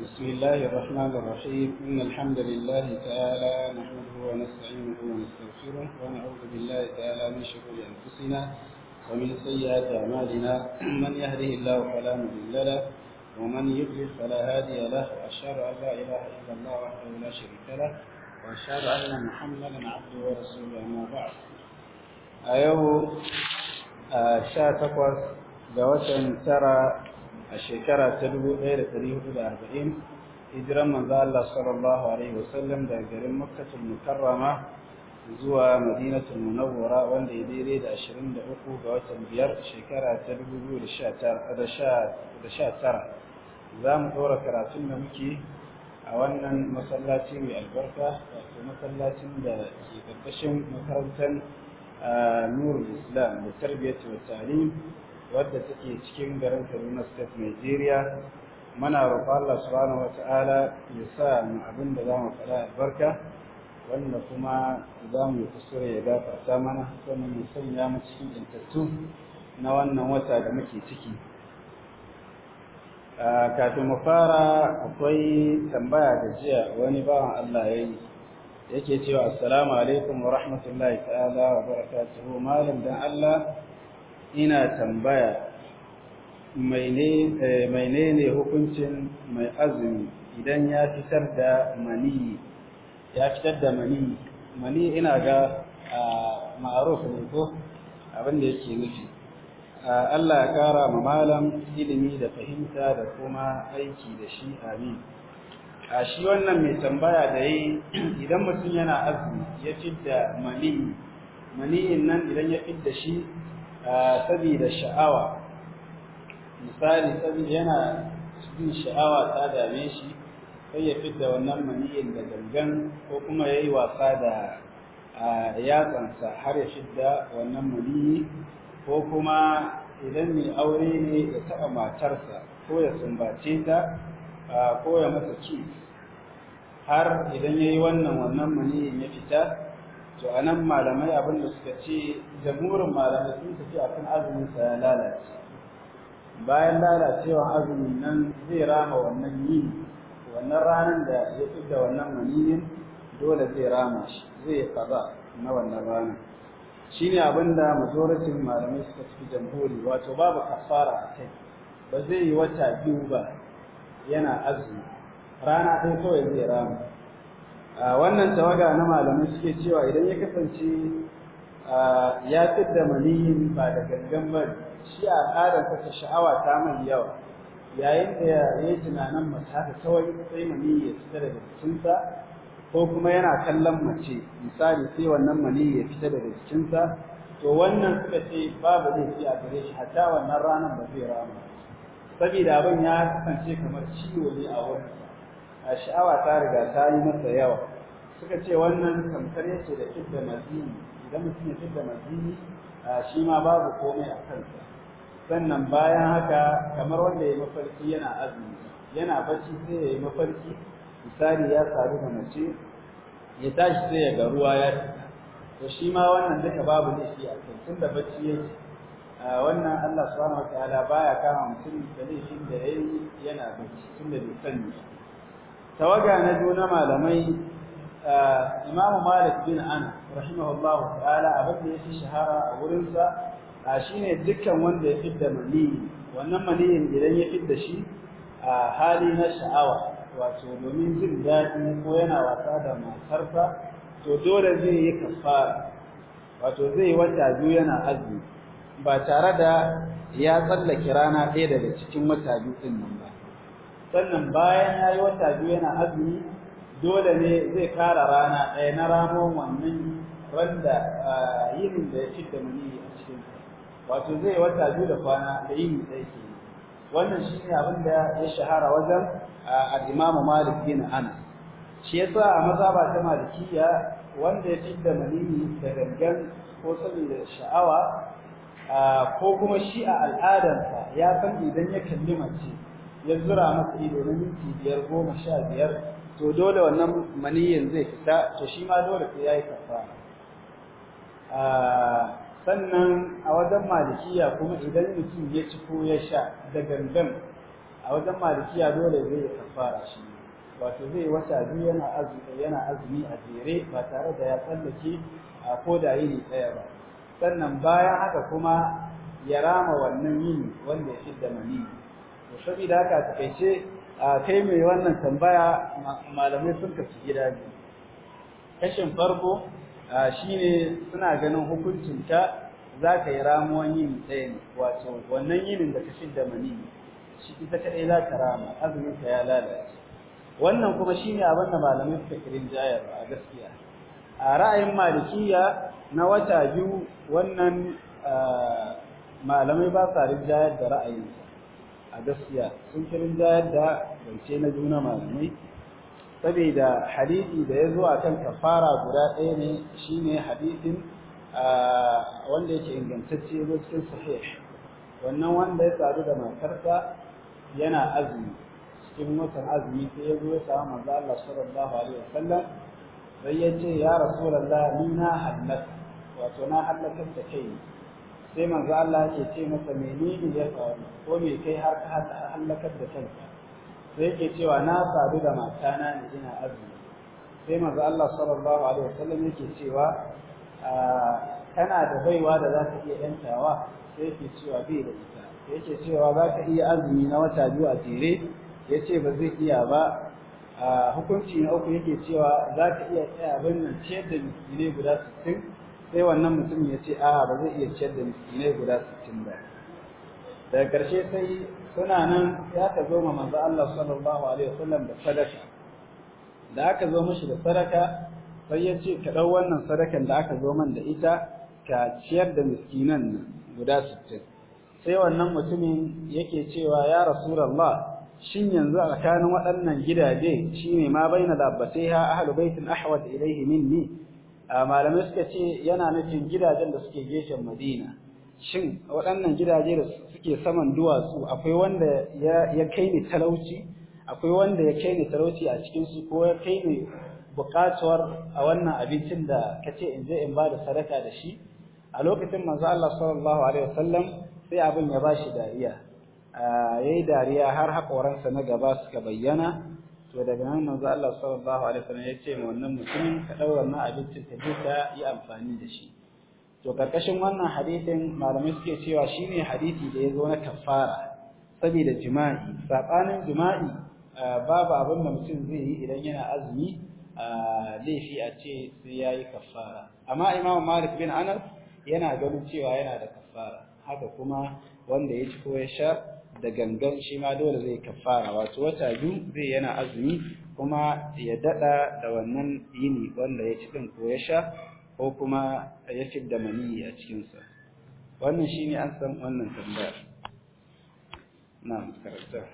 بسم الله الرحمن الرحيم إن الحمد لله تعالى نحمده ونستعينه ونستغفره ونعوذ بالله تعالى من شرور أنفسنا ومن سيئات أعمالنا من يهده الله فلا مضل له ومن يضلل فلا هادي له وأشهد أن لا إله إلا الله وحده لا شريك له وأشهد أن محمدا عبده ورسوله أما بعد أيوه آه، شاتقوس ga ترى a shekara ta 1440 hijiran manzo Allah sallallahu alaihi wasallam daga garin Makkatul Mukarrama zuwa Madinatul Munawwara wanda ya daidai da 23 ga watan biyar shekara ta 2019 za mu ɗora karatun da muke a wannan masallaci mai albarka wato masallacin da ke ƙarƙashin makarantar ah, nurul islam da tarbiyyar wa ta'lim wadda take cikin garin Kaduna State Nigeria muna roƙon Allah subhanahu wata'ala ya sa mu abin da zamu faɗa albarka wanda kuma za mu kusure ya gafarta mana sannan mu sanya mu cikin intattu na wannan wata da muke ciki kafin mu fara akwai tambaya da jiya wani bawan Allah ya yi yake cewa assalamu alaikum wa rahmatullahi ta'ala wa barakatuhu malam dan Allah ina tambaya ne eh, hukuncin mai azumi idan ya fitar da mani ya fitar da mani mani ina ga ma'aruf ne ko abin da yake nufi Allah ya kara ma malam ilimi da fahimta da kuma aiki da shi amin a shi wannan mai tambaya da yi idan mutum yana azumi ya fitar da mani Maniyin nan idan ya fitar da shi saboda sha'awa misali saboda yana cikin sha'awa ta dame shi sai ya fidda wannan maniyin da gangan ko kuma ya yi wasa da yatsansa har ya shidda wannan maniyi ko kuma idan mai aure ne ya taɓa matarsa ko ya sumbace ta ko ya masa ci har idan ya yi wannan wannan maniyin ya fita to anan malamai abin da suka ce jamhurin malamai sun tafi akan azumin sa ya lalace bayan lalacewa azumin nan zai rama wannan yin wannan ranar da ya da wannan maniyin dole zai rama shi zai kaza na wannan ranar shine abinda majoratin malamai suka tafi jamhuri wato babu kafara a kai ba zai yi wata biyu ba yana azumi rana ɗaya kawai zai rama wannan tawaga na malamai suke cewa idan ya kasance ya da maniyin ba da gangan ba shi a ƙarar kasa sha'awa ta mai yawa yayin da ya yi tunanin mace haka kawai sai maniyi ya fita daga jikinsa ko kuma yana kallon mace misali sai wannan maniyi ya fita daga jikinsa to wannan suka ce babu laifi a gare shi hatta wannan ranar ba zai rama saboda abin ya kasance kamar ciwo ne a wurin a sha'awa ta riga ta yi masa yawa suka ce wannan tamkar yake da fidda mazini idan mutum ya fidda mazini shi ma babu komai a kansa sannan bayan haka kamar wanda ya mafarki yana azumi yana bacci sai ya yi mafarki misali ya sadu da mace ya tashi sai ya ga ruwa ya to shi ma wannan duka babu laifi a kan tunda bacci yake wannan Allah subhanahu wataala baya kama mutum da laifin da yayi yana bacci tunda bai sani tawaga na juna malamai Imamu Malik bin Anas rahimahullahu ta'ala abin da yake shahara a wurin sa shine dukkan wanda ya fidda mani wannan maniyin idan ya fidda shi a hali na sha'awa wato domin jin daɗi ko yana wasa da matarsa to dole zai yi kafara wato zai wata biyu yana azumi ba tare da ya tsallake rana ɗaya daga cikin wata biyu ɗin nan ba sannan bayan ya yi wata biyu yana azumi dole ne zai kara rana ɗaya na ramon wannan randa yin da ya ci da a cikin wato zai wata biyu da kwana da da ya ke wannan shi ne abin da ya shahara wajen a imamu malik bin Ana. shi ya sa a mazaba ta malikiya wanda ya ci da mani da gangan ko saboda sha'awa ko kuma shi a al'adarsa ya san idan ya kalli mace ya zura masa ido na minti biyar goma sha biyar to dole wannan maniyin zai fita to shi ma dole sai yayi kafara ah sannan a wajen malikiya kuma idan mutum ya ci ko ya sha da gangan a wajen malikiya dole zai kafara shi wato zai wata biyu yana azumi yana azumi a jere ba tare da ya tsallake a koda yini tsaya ba sannan bayan haka kuma ya rama wannan yini wanda ya shidda mani to saboda haka takaice a kai mai wannan tambaya malamai sun kasu gida biyu kashin farko shine suna ganin hukuncin ta za ka yi ramuwan yin ɗaya ne wato wannan yinin da ka shidda mani shi ita kaɗai za ka rama azumin ka ya lalace wannan kuma shine abin da malamai suka kirin jayar a gaskiya a ra'ayin malikiya na wata biyu wannan malamai ba sa rinjayar da ra'ayinsu a gaskiya sun kirin jayar da zance na juna malamai saboda hadisi da ya zo a kan kafara guda ɗaya ne shi ne hadisin wanda yake ingantacce ya zo cikin sahih wannan wanda ya sadu da matarsa yana azumi cikin watan azumi sai ya zo ya samu manzo Allah sallallahu alaihi wasallam sai ya ce ya rasulullah ni na hallaka wato na hallakar da kai sai manzo Allah yake ce masa menene ya faru ko me kai har ka halakar da kanka sai yake cewa na sadu da mata na ne ina azumi sai manzo Allah sallallahu alaihi wasallam yake cewa kana da baiwa da za ka iya yantawa sai yake cewa bai da ita yake cewa za ka iya azumi na wata biyu a jere ya ce ba zai iya ba hukunci na uku yake cewa za ka iya tsaya abin nan ciyar da ne guda sittin sai wannan mutum ya ce a'a ba zai iya ciyar da miskinai guda sittin ba daga ƙarshe sai suna nan ya ka zo ma manzo Allah sallallahu alaihi wasallam da sadaka da aka zo mishi da sadaka sai ya ce ka ɗau wannan sadakan da aka zo man da ita ka ciyar da miskinan nan guda sittin sai wannan mutumin yake cewa ya rasulullah shin yanzu a tsakanin waɗannan gidaje shine ma baina da abbatiha ahlul baitin ahwat Ilaihimin minni malamai suka ce yana nufin gidajen da suke gefen Madina shin waɗannan gidaje da suke saman duwatsu akwai wanda ya kai ni talauci akwai wanda ya kai ni talauci a cikin su ko ya kai ni buƙatuwar a wannan abincin da kace in je in ba da sadaka da shi a lokacin manzo Allah sallallahu alaihi wasallam sai abin ya bashi dariya yayi dariya har haƙoransa na gaba suka bayyana to daga nan manzo Allah sallallahu alaihi wasallam ya ce wannan mutumin ka daura wannan abincin ka je ka yi amfani da shi to karkashin wannan hadisin malamai suke cewa shine hadisi da ya zo na kafara saboda jima'i sabanin jima'i babu abin da mutum zai yi idan yana azumi laifi a ce sai ya yi kafara amma imam malik bin anas yana ganin cewa yana da kafara haka kuma wanda ya ci ko ya sha da gangan shi ma dole zai kafara wato wata biyu zai yana azumi kuma ya dada da wannan yini wanda ya ci din ko ya sha ko kuma ya da maniyi a cikinsa wannan shine an san wannan tambayar na karatu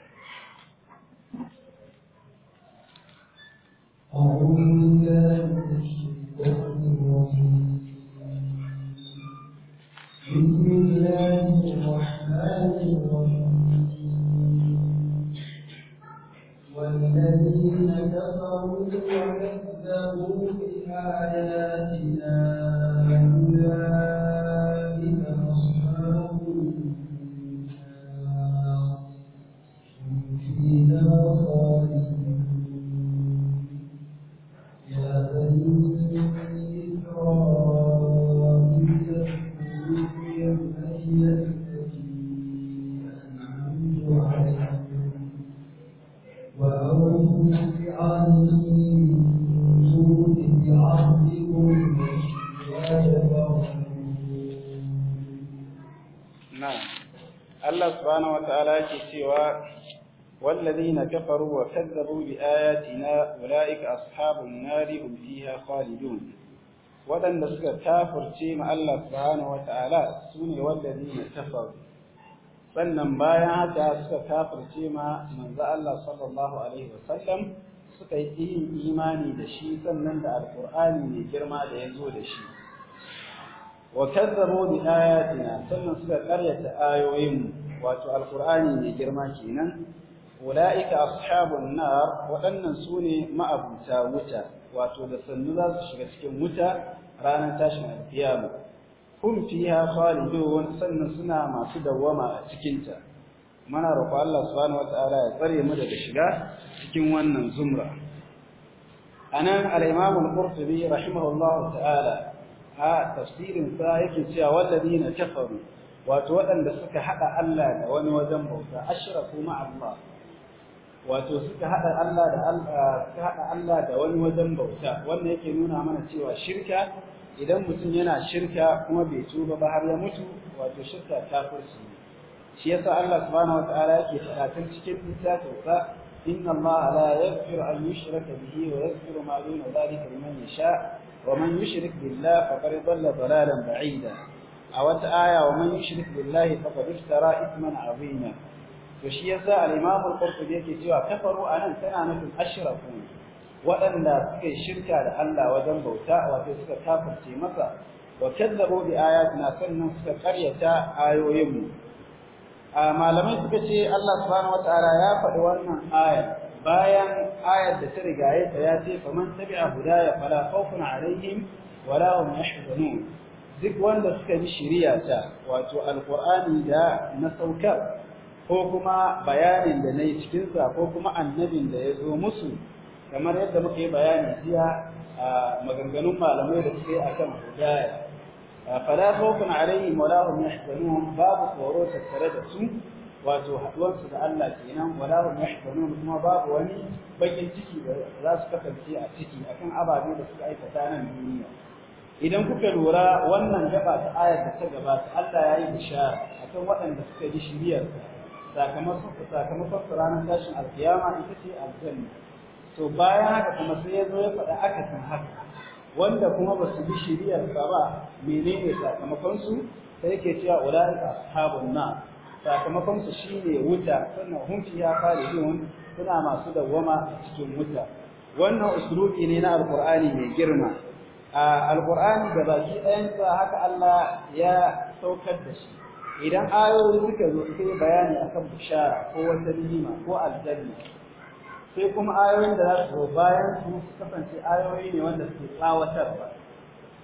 بسم الله الرحمن الرحيم الذين كفروا وكذبوا بآياتنا كفروا وكذبوا بآياتنا أولئك أصحاب النار هم فيها خالدون ودن سكا كافر تيم الله سبحانه وتعالى سوني والذين كفروا sannan bayan haka suka kafirce ma manzo Allah sallallahu alaihi wasallam suka yi yin imani da shi sannan da alqur'ani mai girma da yazo da shi wa kazzabu bi ayatina sannan suka karyata ayoyin wato alqur'ani mai girma kenan ulaika ashabun nar waɗannan sune ma'abuta wuta wato da sannu za su shiga cikin wuta ranar tashin alkiyama hum fiha khalidun sannan suna masu dawwama a cikinta muna roƙo Allah subhanahu wataala ya tsare mu daga shiga cikin wannan zumra anan al-imam al-qurtubi rahimahullahu ta'ala a tafsirin sa yake cewa walladina kafaru wato waɗanda suka haɗa Allah da wani wajen bauta ashraku kuma Allah wato suka hada Allah da suka hada Allah da wani wajen bauta wannan yake nuna mana cewa shirka idan mutum yana shirka kuma bai tuba ba har ya mutu wato shirka kafirci ne shi yasa Allah subhanahu wataala yake fadatan cikin littafinsa inna Allah la yaghfiru an yushraka bihi wa yaghfiru ma duna dhalika liman yasha wa man yushrik billahi faqad dhalla dhalalan ba'ida a wata aya wa man yushrik billahi faqad iftara ithman 'azima to shi yasa al-Imam al-Qurtubi yake cewa kafaru anan tana nufin ashraku waɗanda suka shirka da Allah wajen bauta wato suka kafirce masa wa kazzabu bi ayatina sannan suka karyata ayoyin mu malamai suka ce Allah subhanahu wataala ya faɗi wannan aya bayan ayar da ta rigaye ta ya ce faman tabi'a hudaya fala khawfun alaihim wala hum yahzanun duk wanda suka bi shari'a ta wato alqur'ani da na saukar ko kuma bayanin da na yi cikinsa ko kuma annabin da ya zo musu kamar yadda muka yi bayani jiya a maganganun malamai da suke a kan hudaya. fala khawfun alaihim la hum yahzanun babu tsoro tattare da su wato su da Allah kenan la hum yahzanun kuma babu wani bakin ciki da za su kasance a ciki akan ababe da suka aikata nan duniya idan kuka lura wannan gaba ta ayar da ta gabata Allah ya yi bishara akan waɗanda suka yi shiriyarsa sakamakon ranar tashin alkiyama ita ce aljanna to bayan haka kuma sai ya zo ya faɗa akasin haka wanda kuma ba su bi shiriyar ka ba menene sakamakonsu su sai yake cewa ulaika ashabun nar sakamakon su shine wuta sannan hum fiha khalidun suna masu dawwama cikin wuta wannan uslubi ne na alqur'ani mai girma A alqur'ani da baki ɗayan haka Allah ya saukar da shi idan ayoyi suka zo sai bayani akan bishara ko wata nima ko aljanna sai kuma ayoyin da za su zo bayan su kasance ayoyi ne wanda suke tsawatarwa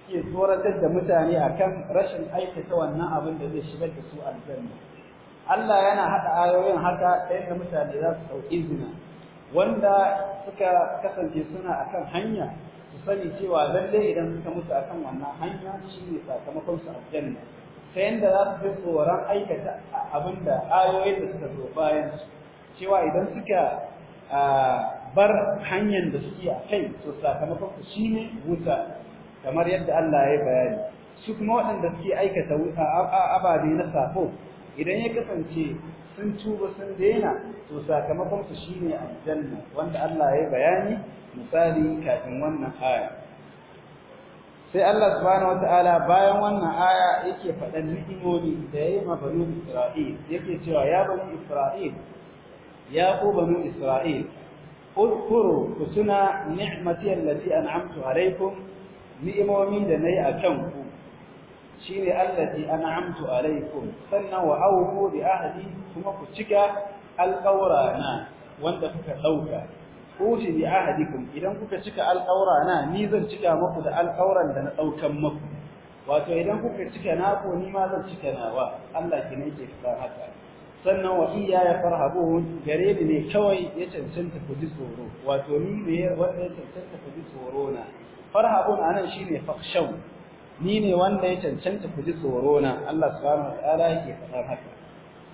suke tsoratar da mutane akan rashin aikata wannan abin da zai shigar da su aljanna Allah yana haɗa ayoyin haka ɗaya da mutane za su ɗauki izina wanda suka kasance suna akan hanya su sani cewa lallai idan suka mutu akan wannan hanya shine sakamakon su aljanna ta yadda za su fi tsoron aikata abinda da ayoyin da suka zo bayan su cewa idan suka bar hanyar da suke a kai to sakamakon ku ne wuta kamar yadda Allah ya bayani su kuma waɗanda suke aikata ababe na safo idan ya kasance sun tuba sun daina to sakamakon su shine aljanna wanda Allah ya bayani misali kafin wannan aya sai Allah subhanahu wataala bayan wannan aya yake faɗan ni'imomi da yayi ma banu Isra'il yake cewa ya banu Isra'il ya ku banu Isra'il udkuru kusuna ni'mati allati an'amtu alaykum ni'imomi da nayi kan ku shine allati an'amtu alaykum sannan wa awfu bi ahdi kuma ku cika alqawrana wanda kuka dauka uti bi ahadikum idan kuka cika alƙawra na ni zan cika muku da alƙawran da na daukan muku wato idan kuka cika na ko ni ma zan cika nawa Allah ki ne ke fara haka sannan wa iya ya farhabuhun gare ni ne kawai ya cancanta ku ji tsoro wato ni ne wanda ya cancanta ku ji tsoro na farhabun anan shine fakhshaw ni ne wanda ya cancanta ku ji tsoro na Allah subhanahu wa ta'ala yake fara haka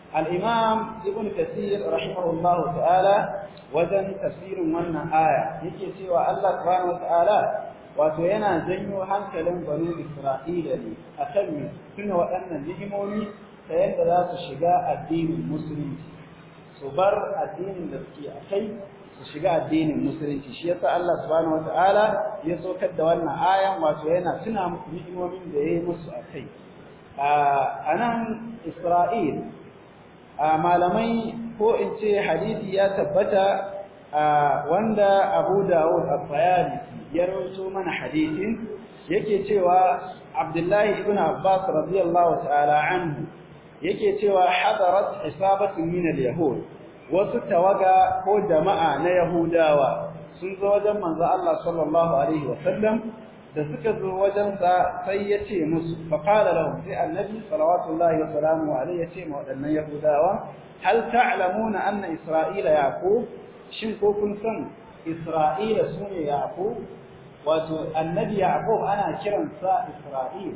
Al’imam Ibn Tafsir rahimahullahu ta’ala wajen tafsirin wannan aya yake cewa Allah subhanahu ta’ala wato yana janyo hankalin banu Isra’ila ne a kan mai tuna waɗannan nihimomi ta yadda za su shiga addinin musulunci, su bar addinin da suke a kai su shiga addinin musulunci. Shi yasa Allah subhanahu ta’ala ya sokar da wannan aya wato yana tuna nihimomin da ya yi musu a kai. A nan Isra’ila malamai ko in ce hadisi ya tabbata wanda Abu Dawud al-Tayalisi ya rawaito mana hadisin yake cewa Abdullahi ibn Abbas radiyallahu ta'ala anhu yake cewa hadarat isabatu min al-yahud wasu tawaga ko jama'a na yahudawa sun zo wajen manzo Allah sallallahu alaihi wa sallam da suka zo wajen sa sai ya ce musu fa qala lahum sai annabi salawatullahi wa salamu alayhi ya ce ma waɗannan yahudawa hal ta'lamuna anna isra'ila yaqub shin ko kun san isra'ila sune yaqub wato annabi yaqub ana kiransa isra'il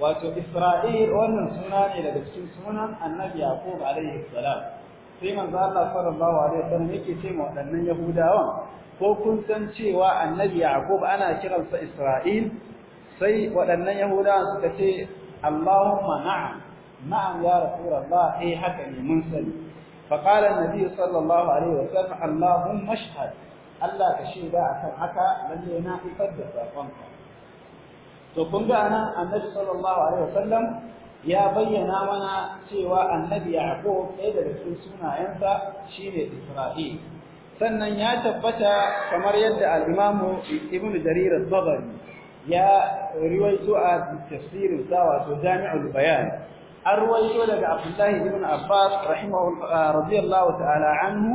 wato isra'il wannan suna ne daga cikin sunan annabi yaqub alayhi salam sai manzo Allah sallallahu alaihi wasallam yake ce ma waɗannan yahudawan ko kun san cewa annabi yaqub ana kiransa isra'il sai waɗannan yahudawa suka ce allahumma na'am na'am ya rasulullah eh haka ne mun sani fa qala annabi sallallahu alaihi wa sallam allahumma ashhad Allah ka shaida akan haka lalle na isar da sakonka to kun ga anan annabi sallallahu alaihi wa sallam ya bayyana mana cewa annabi yaqub ɗaya daga cikin sunayensa shine isra'il sannan ya tabbata kamar yadda al-Imam Ibn Jarir al-Tabari ya riwayo a tafsirin sa wato Jami'ul Bayan an riwayo daga Abdullah ibn Abbas rahimahu radiyallahu ta'ala anhu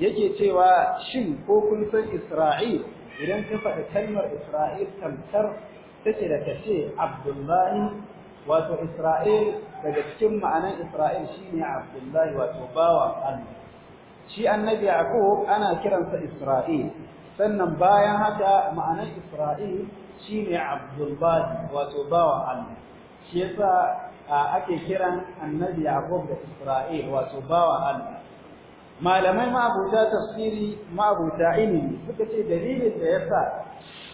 yake cewa shin ko kun san Isra'il idan ka faɗa kalmar Isra'il tamtar take da tace Abdullah wato Isra'il daga cikin ma'anan Isra'il shine Abdullah wato bawan Allah shi annabi yaqub ana kiransa isra'il sannan bayan haka ma'anar isra'il shine abdul badi wato bawa Allah shi yasa ake kiran annabi yaqub da isra'il wato bawa Allah malamai ma'abuta tafsiri ma'abuta ilimi suka ce dalilin da yasa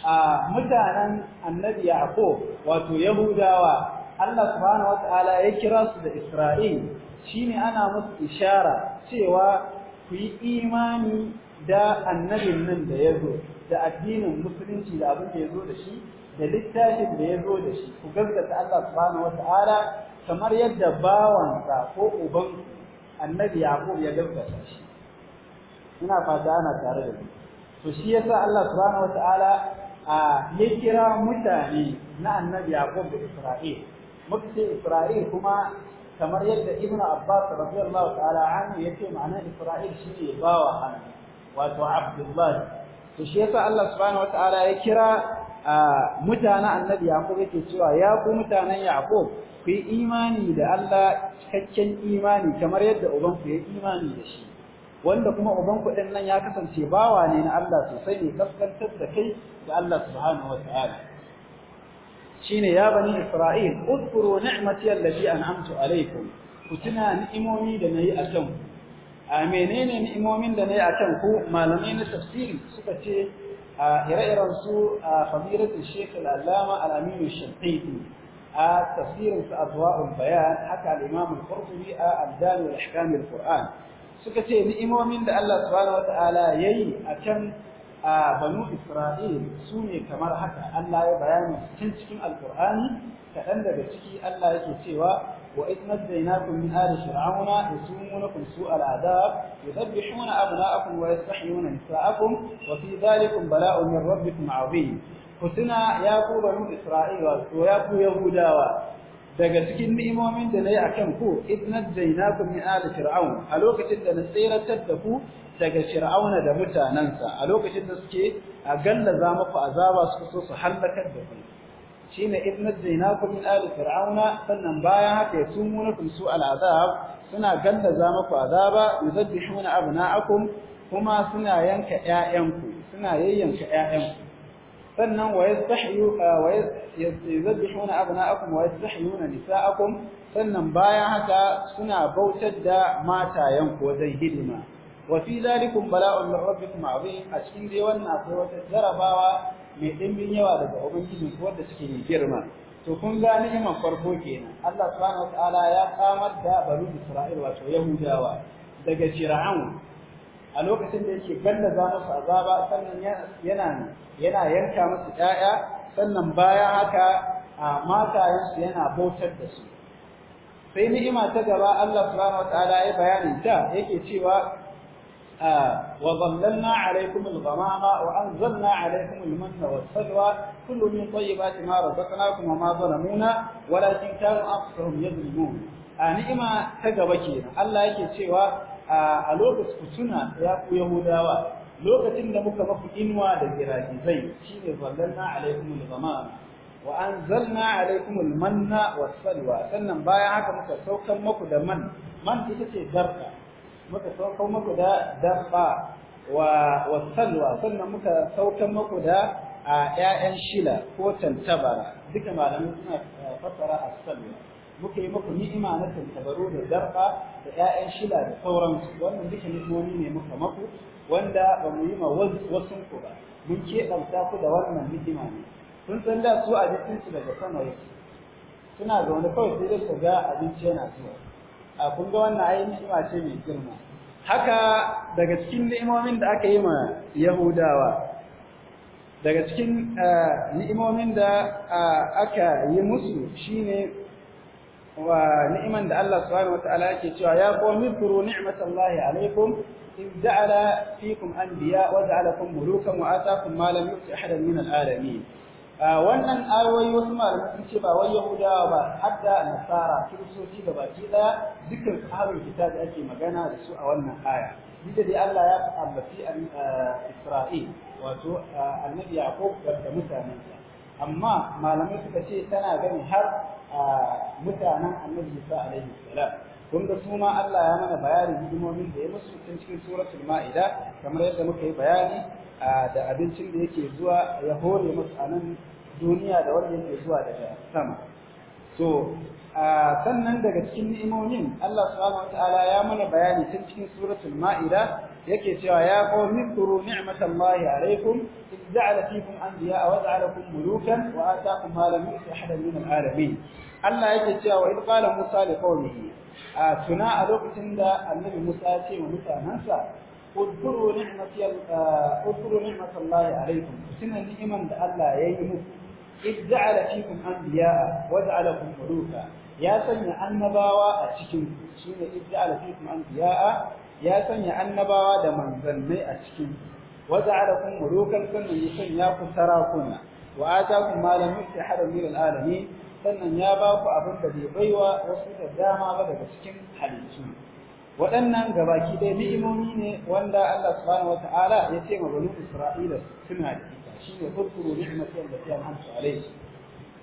a mutanen annabi yaqub wato yahudawa Allah subhanahu wataala ya kira su da isra'il shine ana musu ishara cewa ku yi imani da annabin nan da ya zo da addinin musulunci da abin da ya zo da shi da littafin da ya zo da shi ku gaskata Allah subhanahu wata'ala kamar yadda bawansa ko uban annabi Yaqub ya gaskata shi ina fata ana tare da ku to shi yasa Allah subhanahu wata'ala a ya kira mutane na annabi Yaqub da Isra'il muka ce Isra'il kuma kamar yadda Ibn Abbas radiyallahu ta'ala anhu yace ma'ana Isra'il shine bawa hannu wato Abdullah to shi yasa Allah subhanahu wata'ala ya kira mutanen Annabi Yaqub yake cewa ya ku mutanen Yaqub ku yi imani da Allah cikakken imani kamar yadda ubanku ya imani da shi wanda kuma ubanku din nan ya kasance bawa ne na Allah sosai ne kaskantar da kai ga Allah subhanahu wata'ala shine ya bani isra'il udkuru ni'mati allati an'amtu alaykum ku tuna ni'imomi da nayi a kan a menene ni'imomin da nayi a kan ku malamai na tafsiri suka ce a ire-iren su a fadilatu shaykh al-allama al-amin al-shafi'i a tafsirin sa adwa'ul bayan haka al-imam al-qurtubi a al-dan wa al-qur'an suka ce ni'imomin da Allah subhanahu wa ta'ala yayi a kan a banu isra'il su ne kamar haka Allah ya bayani cikin cikin alkur'ani kaɗan daga ciki Allah yake cewa wa idh kun min ali fir'auna yasumunukum su'al adab yudhabbihuna abna'akum wa nisa akun? wa fi dhalikum bala'un min rabbikum 'azim kutuna ya ku banu isra'il to ya ku yahudawa daga cikin ni'imomin da nayi akan ku idnad jainakum min ali fir'aun a lokacin da na tsiratar da ku daga fir'auna da mutanansa a lokacin da suke a gallaza muku azaba suka so su halaka da ku shine idnad jainakum min ali fir'auna sannan bayan haka ya tumunakum su al'azab suna gallaza muku azaba yuzabbihuna abna'akum kuma suna yanka ƴaƴanku suna yayyanka ƴaƴanku sannan wa yastahyu uh, wa abna'akum wa nisa'akum sannan bayan haka suna bautar da matayen ko wajen hidima wa fi zalikum bala'un min rabbikum azim a cikin dai wannan akwai wata jarabawa mai dimbin yawa daga ubangiji ko wanda suke mai girma to kun ga ni'imar farko kenan Allah subhanahu wataala ya kamar da banu Isra'il wato Yahudawa daga Fir'aun a lokacin da yake gallaza musu azaba sannan yana yana yanka musu ƴaƴa sannan baya haka a matayensu yana bautar da su sai ni'ima ta gaba Allah subhanahu wataala ya bayanin ta yake cewa wa dhallalna alaykum al-ghamama wa anzalna alaykum al-manna was-salwa kullu min tayyibati ma razaqnakum wa ma zalamuna walakin kanu aktharuhum yadhlimun a ni'ima ta gaba kenan Allah yake cewa a lokacin kusuna ya ku yahudawa lokacin da muka maku inwa da giragizai shine zallalna alaikum al-ghamam wa anzalna alaikum al-manna was-salwa sannan bayan haka muka saukan maku da man man ita ce darka muka saukan maku da darba wa was-salwa sannan muka saukan maku da ƴaƴan shila ko tantabara duka malamin suna eh, fassara as-salwa muka yi muku ni'ima na tantabaro da zarfa da ƴaƴan shila da sauransu wannan duka ni'imomi ne muka maku wanda ba mu yi ma wasu ku ba mun keɓanta ku da wannan ni'ima ne sun san da su abincinsu daga sama yake suna wani kawai sai dai su ga abinci yana zuwa a kun ga wannan ai ni'ima ce mai girma haka daga cikin ni'imomin da aka yi ma yahudawa daga cikin eh, ni'imomin da eh, aka yi musu shine wa ni'iman da Allah subhanahu wataala yake cewa ya qawmi zkuru ni'matallahi alaykum إذ جعل فيكم أنبياء وجعلكم ملوكا وآتاكم ما لم يؤت أحدا من العالمين wannan ayoyi wasu malamai sun ce ba wai Yahudawa ba hadda Nasara kiristoci da baki daya dukkan sahabin kitabi ake magana da su a wannan aya duk dai Allah ya ambaci eh, Isra'il wato eh, annabi Yaqub da mutanensa amma malamai suka ce tana gani har mutanen annabi Isa alaihi salam kun ga su Allah ya mana bayani hidimomin da ya musu tun cikin suratul ma'ida kamar yadda muka yi bayani da abincin da yake zuwa ya hore musu a nan duniya da wanda yake zuwa daga sama so sannan daga cikin ni'imomin Allah subhanahu wataala ya mana bayani tun cikin suratul ma'ida yake cewa ya qawmi kuru ni'matallahi alaykum id ja'ala anbiya wa mulukan wa ataakum ma lam yu'ti ahadan min al'alamin Allah yake cewa id qala Musa li qawmihi a tuna a lokacin da annabi Musa ya ce wa mutanansa udkuru ni'mati udkuru ni'matallahi alaykum da Allah ya yi muku anbiya wa ya sanya annabawa a cikin shine id anbiya ya sanya annabawa da manzannai a cikin waja'alakum mulukan sannan ya sanya ku sarakuna wa atakum ma lam yuftahara min alamin sannan ya ba ku abin da bai baiwa wasu da dama ba daga cikin halittu waɗannan gabaki dai ni'imomi ne wanda Allah subhanahu wata'ala ya ce ma bani Isra'ila suna da ita shine kurkuru ni'imati allati an'amtu alayhi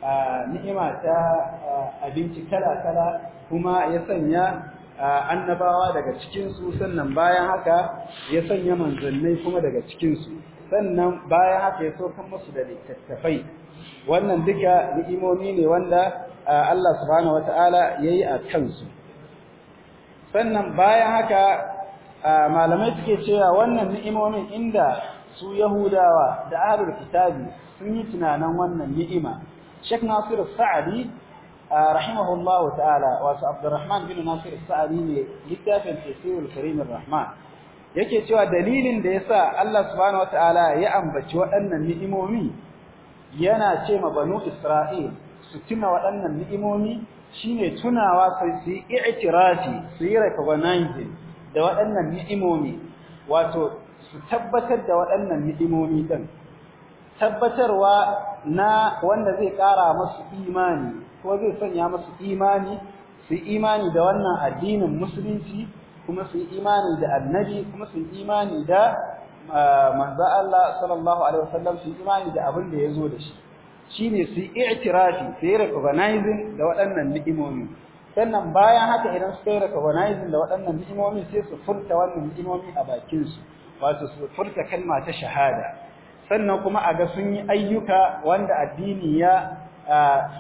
ah, ni'ima ah, abinci kala kala kuma ya sanya annabawa daga cikinsu sannan bayan haka ya sanya manzannai kuma daga cikinsu sannan bayan haka ya kan musu da littattafai wannan duka ni'imomi ne wanda Allah subhanahu wata'ala yayi a kansu sannan bayan haka malamai suke cewa wannan ni'imomin inda su Yahudawa da Ahlul Kitabi sun yi tunanin wannan ni'ima Sheikh Nasiru Sa'adi rahimahullahu ta'ala wasu Abdulrahman bin Nasir Sa'adi ne littafin Tafsirul Karim Rahman yake cewa dalilin da yasa Allah subhanahu wataala ya ambaci waɗannan ni'imomi yana ce ma banu Isra'il su tuna waɗannan ni'imomi shine tunawa sai su yi i'tirafi su yi recognizing da waɗannan ni'imomi wato su tabbatar da waɗannan ni'imomi din tabbatarwa na wanda zai ƙara masu imani ko zai sanya masu imani su imani da wannan addinin musulunci kuma su imani da annabi kuma su imani da manzo Allah sallallahu alaihi wasallam su imani da abin da yazo da shi shine su i'tirafi su yi recognizing da waɗannan ni'imomi sannan bayan haka idan su yi recognizing da waɗannan ni'imomi sai su furta wannan ni'imomi a bakin su wato su furta kalma ta shahada sannan kuma a ga sun yi ayyuka wanda addini ya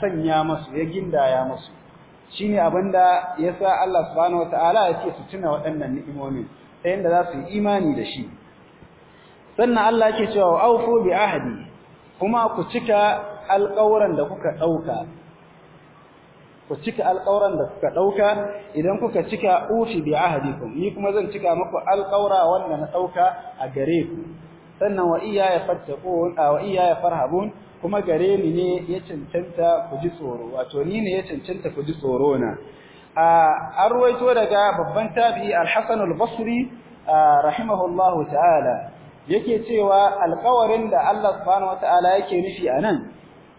sanya masu ya gindaya masu shi shine abinda sa Allah subhanahu ya ce su tuna waɗannan ni'imomin ta yadda za su yi imani da shi sannan Allah ke cewa aufu bi ahadi kuma ku cika alƙawuran da kuka ɗauka ku cika alƙawuran da kuka ɗauka idan kuka cika ufi bi ahadi ni kuma zan cika muku alƙawura wanda na ɗauka a gare ku sannan wa iyaya fattaqun wa iyaya farhabun kuma gare ni ne ya cancanta ku ji tsoro wato ni ne ya cancanta ku ji tsoro na an ruwaito daga babban tabi'i al-Hasan al-Basri rahimahullahu ta'ala yake cewa alƙawarin da Allah subhanahu wata'ala yake nufi anan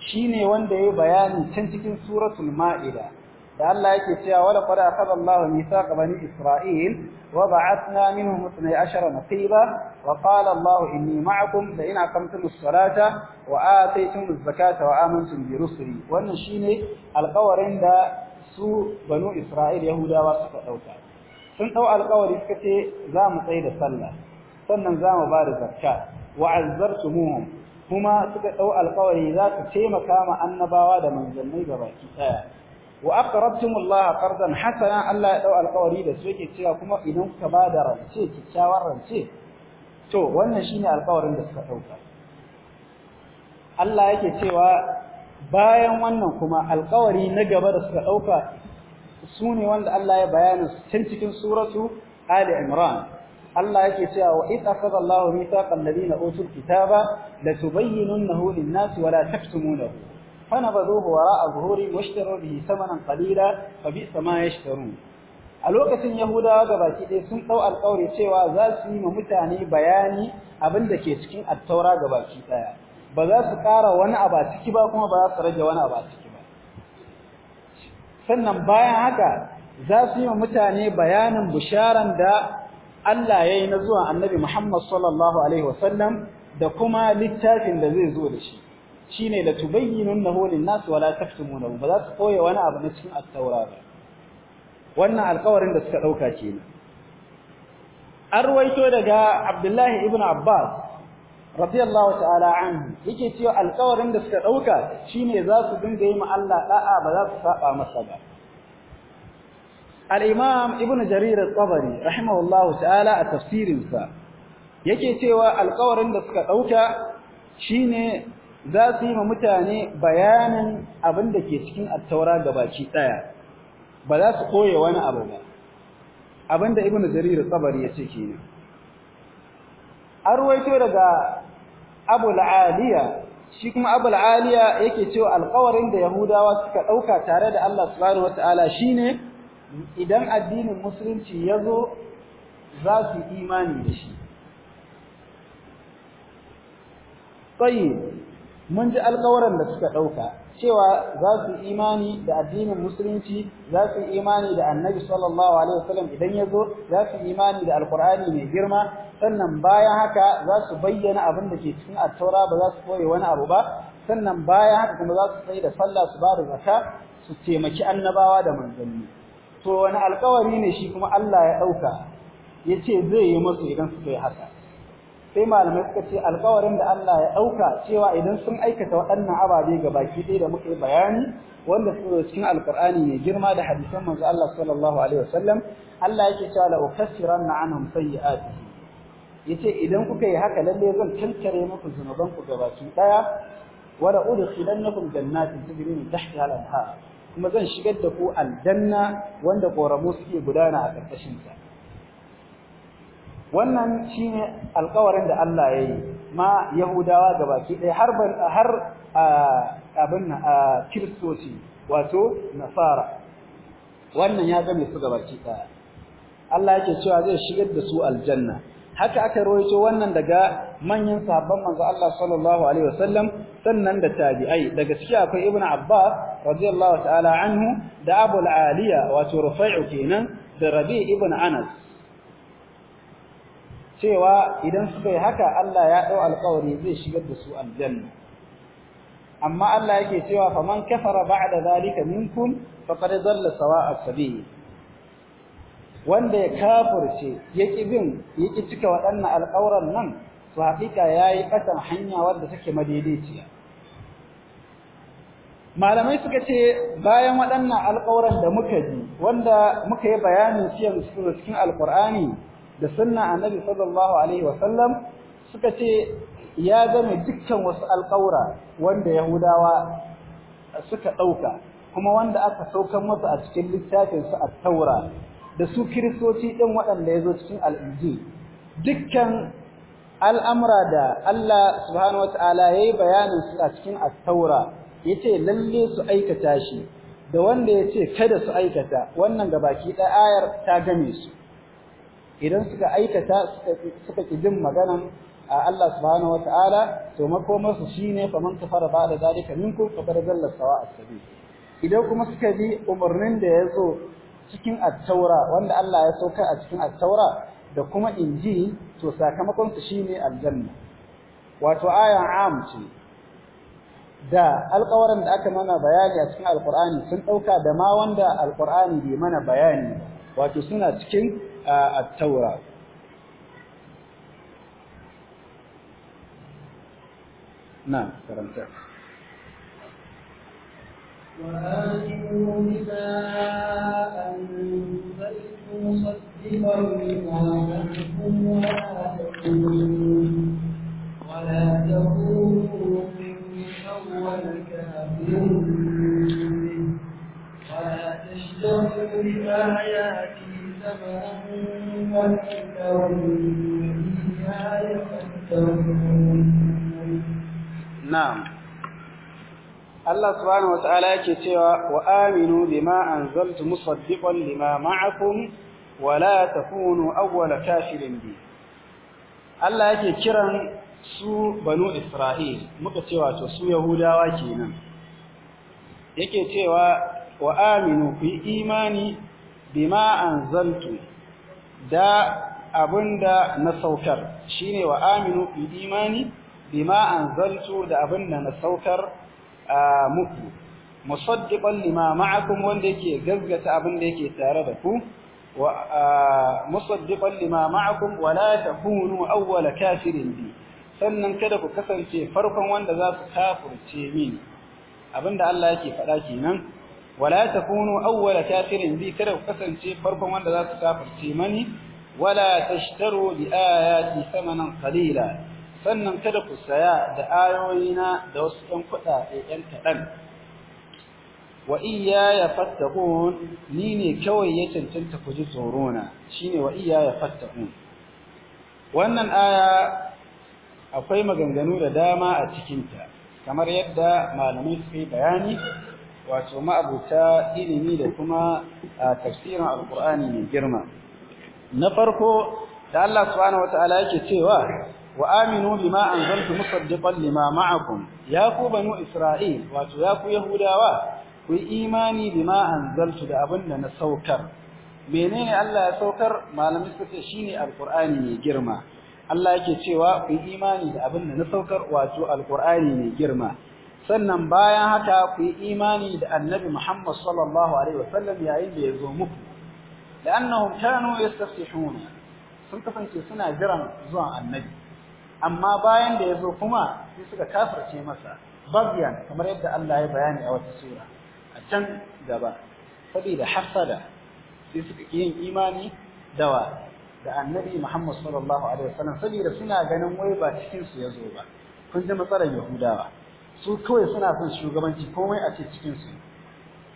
shine wanda yi bayani can cikin suratul ma'ida da Allah yake cewa wala qad akhadha Allahu mithaqa bani Isra'il wa ba'athna minhum 12 naqiba wa qala Allahu inni ma'akum la in aqamtum as-salata wa ataytum az-zakata wa amantum bi rusuli wannan shine alƙawarin da su banu Isra'il Yahudawa suka dauka sun dau alƙawari suka ce za mu tsaye da sallah sannan za mu ba da zakka wa azzartumuhum kuma suka dau alƙawari za su taimaka ma annabawa da manzannai gabaki ɗaya wa aqrabtum Allah qardan hasana Allah ya dau alƙawari da su yake cewa kuma idan ka ba da rance kikkiawar rance to wannan shine alƙawarin da suka dauka Allah yake cewa bayan wannan kuma alƙawari na gaba da suka dauka sune wanda Allah ya bayana su cikin suratu Ali Imran Allah yake cewa wa id akhadha Allahu mithaqal ladina utul kitaba latubayyinunnahu lin-nasi wa la taktumunahu فنبذوه وراء ظهورهم واشتروا به ثمنا قليلا فبئس ما يشترون a lokacin yahudawa gabaki ɗaya sun ɗau alƙawari cewa za su yi ma mutane bayani abin da ke cikin attaura gabaki ɗaya ba za su ƙara wani abu a ciki ba kuma ba za su rage wani abu a ciki ba sannan bayan haka za su yi ma mutane bayanin bisharan da Allah ya yi na zuwa annabi Muhammad sallallahu alaihi wasallam da kuma littafin da zai zo da shi shine la tubayyinunahu lin wala wa taktumunahu ba za su koye wani abu na cikin at-taura ba wannan alƙawarin da suka dauka kenan an ruwaito daga Abdullahi ibn Abbas radiyallahu ta'ala anhu yake cewa alƙawarin da suka dauka shine za su dinga yi ma Allah da'a ba za su saba masa ba al-Imam Ibn Jarir al-Tabari rahimahullahu ta'ala a tafsirinsa yake cewa alƙawarin da suka dauka shine za su yi ma mutane bayanin abin da ke cikin attaura gabaci daya ba za su koye wani abu ba abin da ibnu jarir tsabari ya ce kenan arwaito daga abul aliya shi kuma abul aliya yake cewa alƙawarin da yahudawa suka dauka tare da Allah subhanahu wataala shine idan addinin musulunci ya zo za su imani da shi tayyib mun ji alƙawaran da suka ɗauka cewa za su imani da addinin musulunci za su imani da annabi sallallahu alaihi wasallam idan ya zo za su imani da alƙur'ani mai girma sannan bayan haka za su bayyana abin da ke cikin attaura ba za su koye wani abu ba sannan bayan haka kuma za su tsaye da sallah su ba da zakka su taimaki annabawa da manzanni to wani alƙawari ne shi kuma Allah ya ɗauka ya ce zai yi musu idan suka yi haka sai malamai suka ce alkawarin da Allah ya ɗauka cewa idan sun aikata waɗannan ababe ga baki ɗaya da muka yi bayani wanda su cikin alƙur'ani mai girma da hadisan manzo Allah sallallahu alaihi wasallam Allah yake cewa la ukaffiranna anhum sayyi'atihim yace idan kuka yi haka lalle zan tantare muku zunuban ku gabaki ɗaya wa la udkhilannakum jannatin tajri min tahtiha al-anhar kuma zan shigar da ku aljanna wanda koramu suke gudana a ƙarƙashin ta wannan shine alƙawarin da Allah ya yi ma Yahudawa gabaki ɗaya har har abin kiristoci wato nasara wannan ya game su gabaki ɗaya Allah yake cewa zai shigar da su aljanna haka aka rawaito wannan daga manyan sahabban manzo Allah sallallahu alaihi wasallam sannan da tabi'ai daga ciki akwai ibnu abbas radiyallahu ta'ala anhu da abul aliya wato rufai'u kenan da rabi ibn anas cewa idan suka yi haka Allah ya ɗau alƙawari zai shigar da su aljanna amma Allah yake cewa fa faman kafara ba'da zalika minkum qad dhalla sawa'a sabil wanda ya kafirce ƙi bin yaki cika waɗannan alƙawran nan to hakika yayi kasan hanya wanda take madaidaiciya malamai suka ce bayan waɗannan alƙawaran da muka ji wanda muka yi bayanin siyan su cikin alƙur'ani da sunna annabi sallallahu alaihi wasallam suka ce ya game dukkan wasu alƙawura wanda yahudawa suka ɗauka kuma wanda aka saukan masa a cikin littafin su at-taura da su kiristoci ɗin waɗanda yazo cikin al-injil dukkan al'amura da Allah subhanahu wataala yayi bayanin su a cikin at-taura yace lalle su aikata shi da wanda yace kada su aikata wannan gabaki da ayar ta game su idan suka aikata suka ki jin maganan Allah subhanahu wataala to makomar shine faman kafara ba'da zalika minkum faqad sawa sawa'a sabil idan kuma suka bi umarnin da ya zo cikin at-taura wanda Allah ya sauka a cikin at-taura da kuma injili to sakamakon su shine aljanna wato ayan am ce da alƙawarin da aka mana bayani a cikin alƙur'ani sun ɗauka da ma wanda alƙur'ani bai mana bayani wato suna cikin آه، التوراة نعم كرمت وآتوا نساء أنزلتم صدقا لمعانكم ولا تكونوا ولا تكونوا من أول كافر ولا تشتروا بآياتي Na'am. Allah subhanahu wataala yake cewa wa aminu bima zaltu musaddiqan lima ma'akum wa la takunu awwala kafirin bi Allah yake kiran su banu Isra'il muka cewa to su Yahudawa kenan yake cewa wa aminu fi imani bima anzaltu da abinda na saukar shine wa aminu imani bima anzaltu da abinda na saukar muku musaddiqan lima ma'akum wanda yake gaggata abinda yake tare da ku wa musaddiqan lima ma'akum wala takunu awwala kafirin bi sannan kada ku kasance farkon wanda za su min mini abinda Allah yake faɗa kenan wala takunu awwala kafirin bi kada ku kasance farkon wanda za su kafirce mani wala tashtaru bi ayati thamanan sannan kada ku saya da ayoyina da wasu ɗan kuɗaɗe ɗan kaɗan wa iya ya fattahun ni ne kawai ya cancanta ku ji tsorona shi ne wa iya ya wannan aya akwai maganganu da dama a cikinta kamar yadda malamai suka yi bayani wato ma'abuta ilimi da kuma tafsirin alqur'ani mai girma na farko da Allah subhanahu wataala yake cewa wa aminu bima anzaltu musaddiqan lima ma'akum ya ku banu isra'il wato ya ku yahudawa ku imani bima anzaltu da abinda na saukar menene Allah ya saukar malamai suka shine alqur'ani mai girma Allah yake cewa ku imani da abinda na saukar wato alqur'ani mai girma sannan bayan haka ku yi imani da annabi Muhammad sallallahu alaihi wasallam yayin da ya zo muku la'annahum kanu yastafsihuna sun kasance suna jiran zuwan annabi amma bayan da ya zo kuma sai suka kafirce masa bagyan kamar yadda Allah ya bayani a wata sura a can gaba saboda hasada sai suka yin imani dawa da annabi Muhammad sallallahu alaihi wasallam saboda suna ganin wai ba cikin su yazo ba kun ji matsalar yahudawa su kawai suna son shugabanci komai a ce cikin su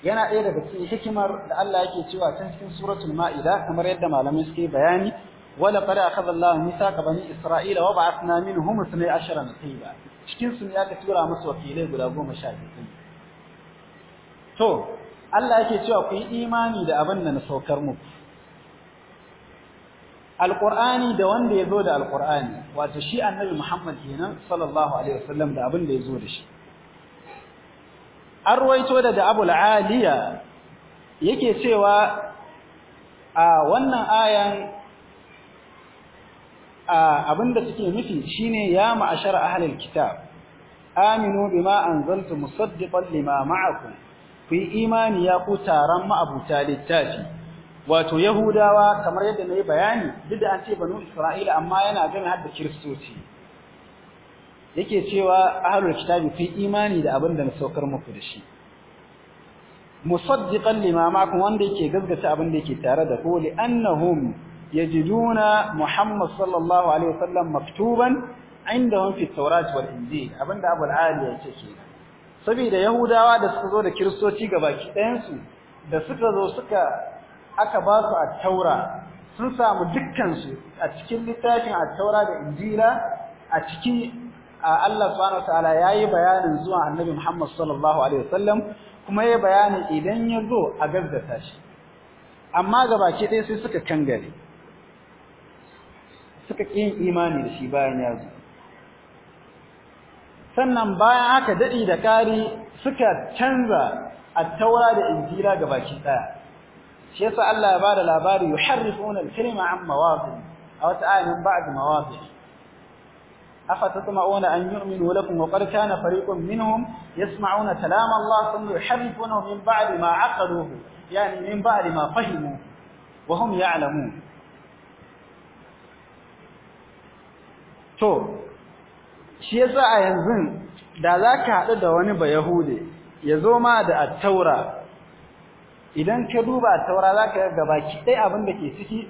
yana ɗaya daga cikin hikimar da Allah yake cewa can cikin suratul ma'ida kamar yadda malamai suke bayani wala qad akhadha ka mithaqa bani isra'ila wa ba'athna minhum 12 naqiba cikin su ne aka tura musu wakilai guda 12 to Allah yake cewa ku yi imani da abin da na saukar muku alqur'ani da wanda zo da alqur'ani wato shi annabi Muhammad kenan sallallahu alaihi wasallam da abin da zo da shi an ruwaito daga abul aliya yake cewa a wannan ayan abinda suke nufi shine ya ma'ashar halin kitab aminu bima anzaltu musaddiqan lima ma'akum ku imani ya ku taron ma'abuta littafi wato yahudawa kamar yadda na yi bayani duk da an ce banu isra'ila amma yana gani har kiristoci yake cewa ahlul kitabi fi imani da abin da na saukar muku da shi musaddiqan lima ma'akum wanda yake gaggata abin da yake tare da ku annahum yajiduna muhammad sallallahu alaihi wasallam maktuban indahum fi tawrat wal injil da abul ali yake kenan saboda yahudawa da suka zo da kristoci gabaki ɗayan su da suka zo suka aka ba su taura sun samu dukkan su a cikin littafin a taura da injila a ciki Allah subhanahu wataala yayi bayanin zuwa Annabi Muhammad sallallahu alaihi wasallam kuma yayi bayanin idan ya zo a gaggata shi amma gabaki ɗaya sai suka kangare suka ƙin imani da shi bayan ya zo sannan bayan haka daɗi da ƙari suka canza attaura da injila ga baki ɗaya shi yasa Allah ya bada labari yuharrifuna al-kalima an mawadi ba'a ta'ayin ba'd mawadi أفتطمعون أن يؤمنوا لكم وقد كان فريق منهم يسمعون كلام الله ثم يحرفونه من بعد ما عقلوه يعني من بعد ما فهموا وهم يعلمون to شيء yasa a yanzu da zaka haɗu da wani bayahude yazo ma da at idan ka duba at za ka ga baki dai abin da ke ciki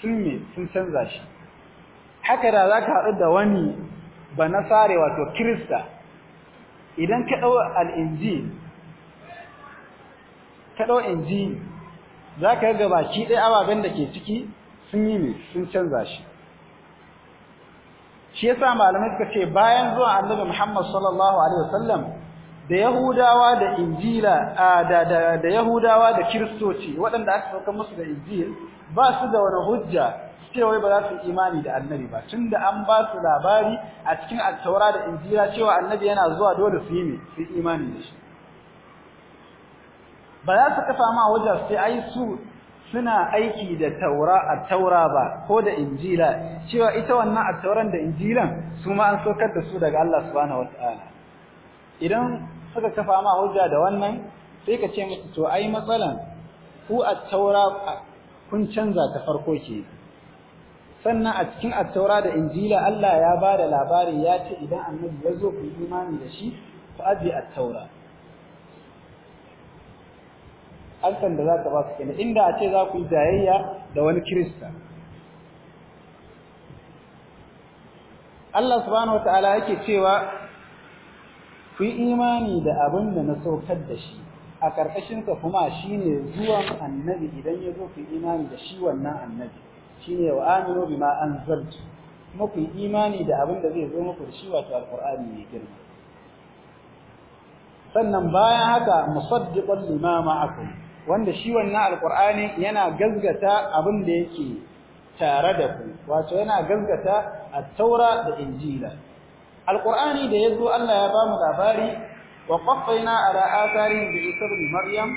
sun me sun canza shi haka da za ka haɗu da wani ba nasare wato kirista, idan ka dau ka ɗau ka za ka yaga ba baki ɗaya ababen da ke ciki sun yi ne sun canza shi shi ya sa malamai suka ce bayan zuwa annabi Muhammad sallallahu alaihi wasallam da Yahudawa da Injila da Yahudawa da Kiristoci waɗanda aka sauka musu da Injil ba su da wani hujja cewa ba za su imani da annabi ba tunda an ba su labari a cikin attaura da injila cewa annabi yana zuwa dole su yi su imani da shi ba za su kafa ma wajen sai ai su suna aiki da taura a taura ba ko da injila cewa ita wannan al tauran da injilan su ma an sokar da su daga Allah subhanahu wataala idan suka kafa ma hujja da wannan sai ka ce musu to ai matsalan ku a taura kun canza ta farko ke sannan a cikin attaura da injila Allah ya ba da labari ya ce idan annabi ya zo ku imani da shi ku ajiye attaura alkan da za ka ba su kenan inda a ce za ku yi jayayya da wani kirista Allah subhanahu wataala yake cewa ku yi imani da abin da na saukar da shi a ƙarƙashinsa kuma shine zuwan annabi idan ya zo ku imani da shi wannan annabi shine wa aminu bima anzaltu muku imani da abin da zai zo muku da shi wato alqur'ani ne girma sannan bayan haka musaddiqan lima ma'akum wanda shi wannan alqur'ani yana gazgata abin da yake tare da ku wato yana gazgata at-taura da injila alqur'ani da ya zo Allah ya bamu labari wa qaffayna ala atharin bi ya ibn maryam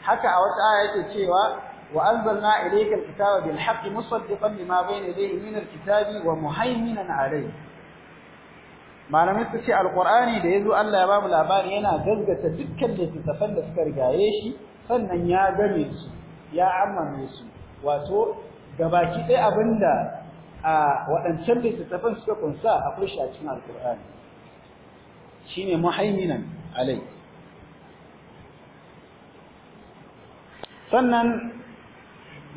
haka a wata aya yake cewa وأنزلنا إليك الكتاب بالحق مصدقا لما بين يديه من الكتاب wa عليه alai. su ce alkur'ani da ya zo Allah ya bamu labari yana gaggata dukkan littattafan da suka rigaye shi sannan ya gane su ya ammame su wato gabaki ɗaya abinda a waɗancan littattafan suka kunsa akwai shi a cikin alkur'ani shine muhaiminan alai sannan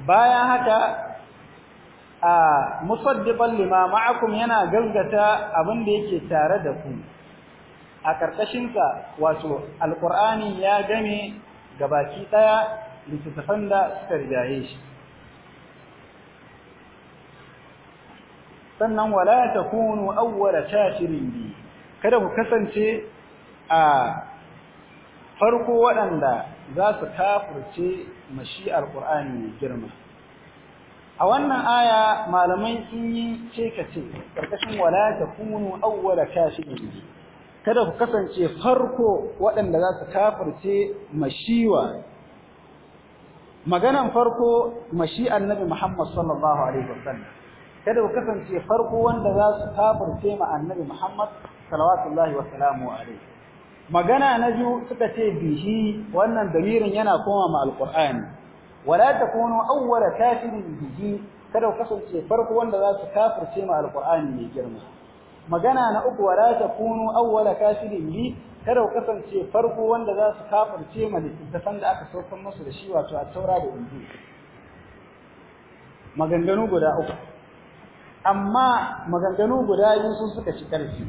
bayan haka a musaddiqan lima ma'akum yana gangata abin da yake tare da ku a karkashin ka wato alqur'ani ya game gabaki daya littafan da suka rigaye shi sannan wala takunu awwala kafirin bi kada ku kasance a farko waɗanda za su kafirce mashi'ar Qur'ani mai girma a wannan aya malamai sun yi cekace karkashin wala ta takunu awwala kafirin kada ku kasance farko waɗanda za su kafirce mashiwa maganan farko mashi'ar Nabi Muhammad sallallahu alaihi wasallam kada ku kasance farko wanda za su kafirce ma Annabi Muhammad sallallahu alaihi wasallam magana na biyu suka ce bihi wannan dalilin yana koma ma alqur'ani wala takunu awwala kafirin bihi kada ku kasance farko wanda za su kafirce ma alqur'ani mai girma magana na uku wala takunu awwala kafirin bi kada ku kasance farko wanda za su kafirce ma littafan da aka saukar musu da shi wato at taura da injil maganganu guda uku amma maganganu guda biyu sun suka ci ƙarfi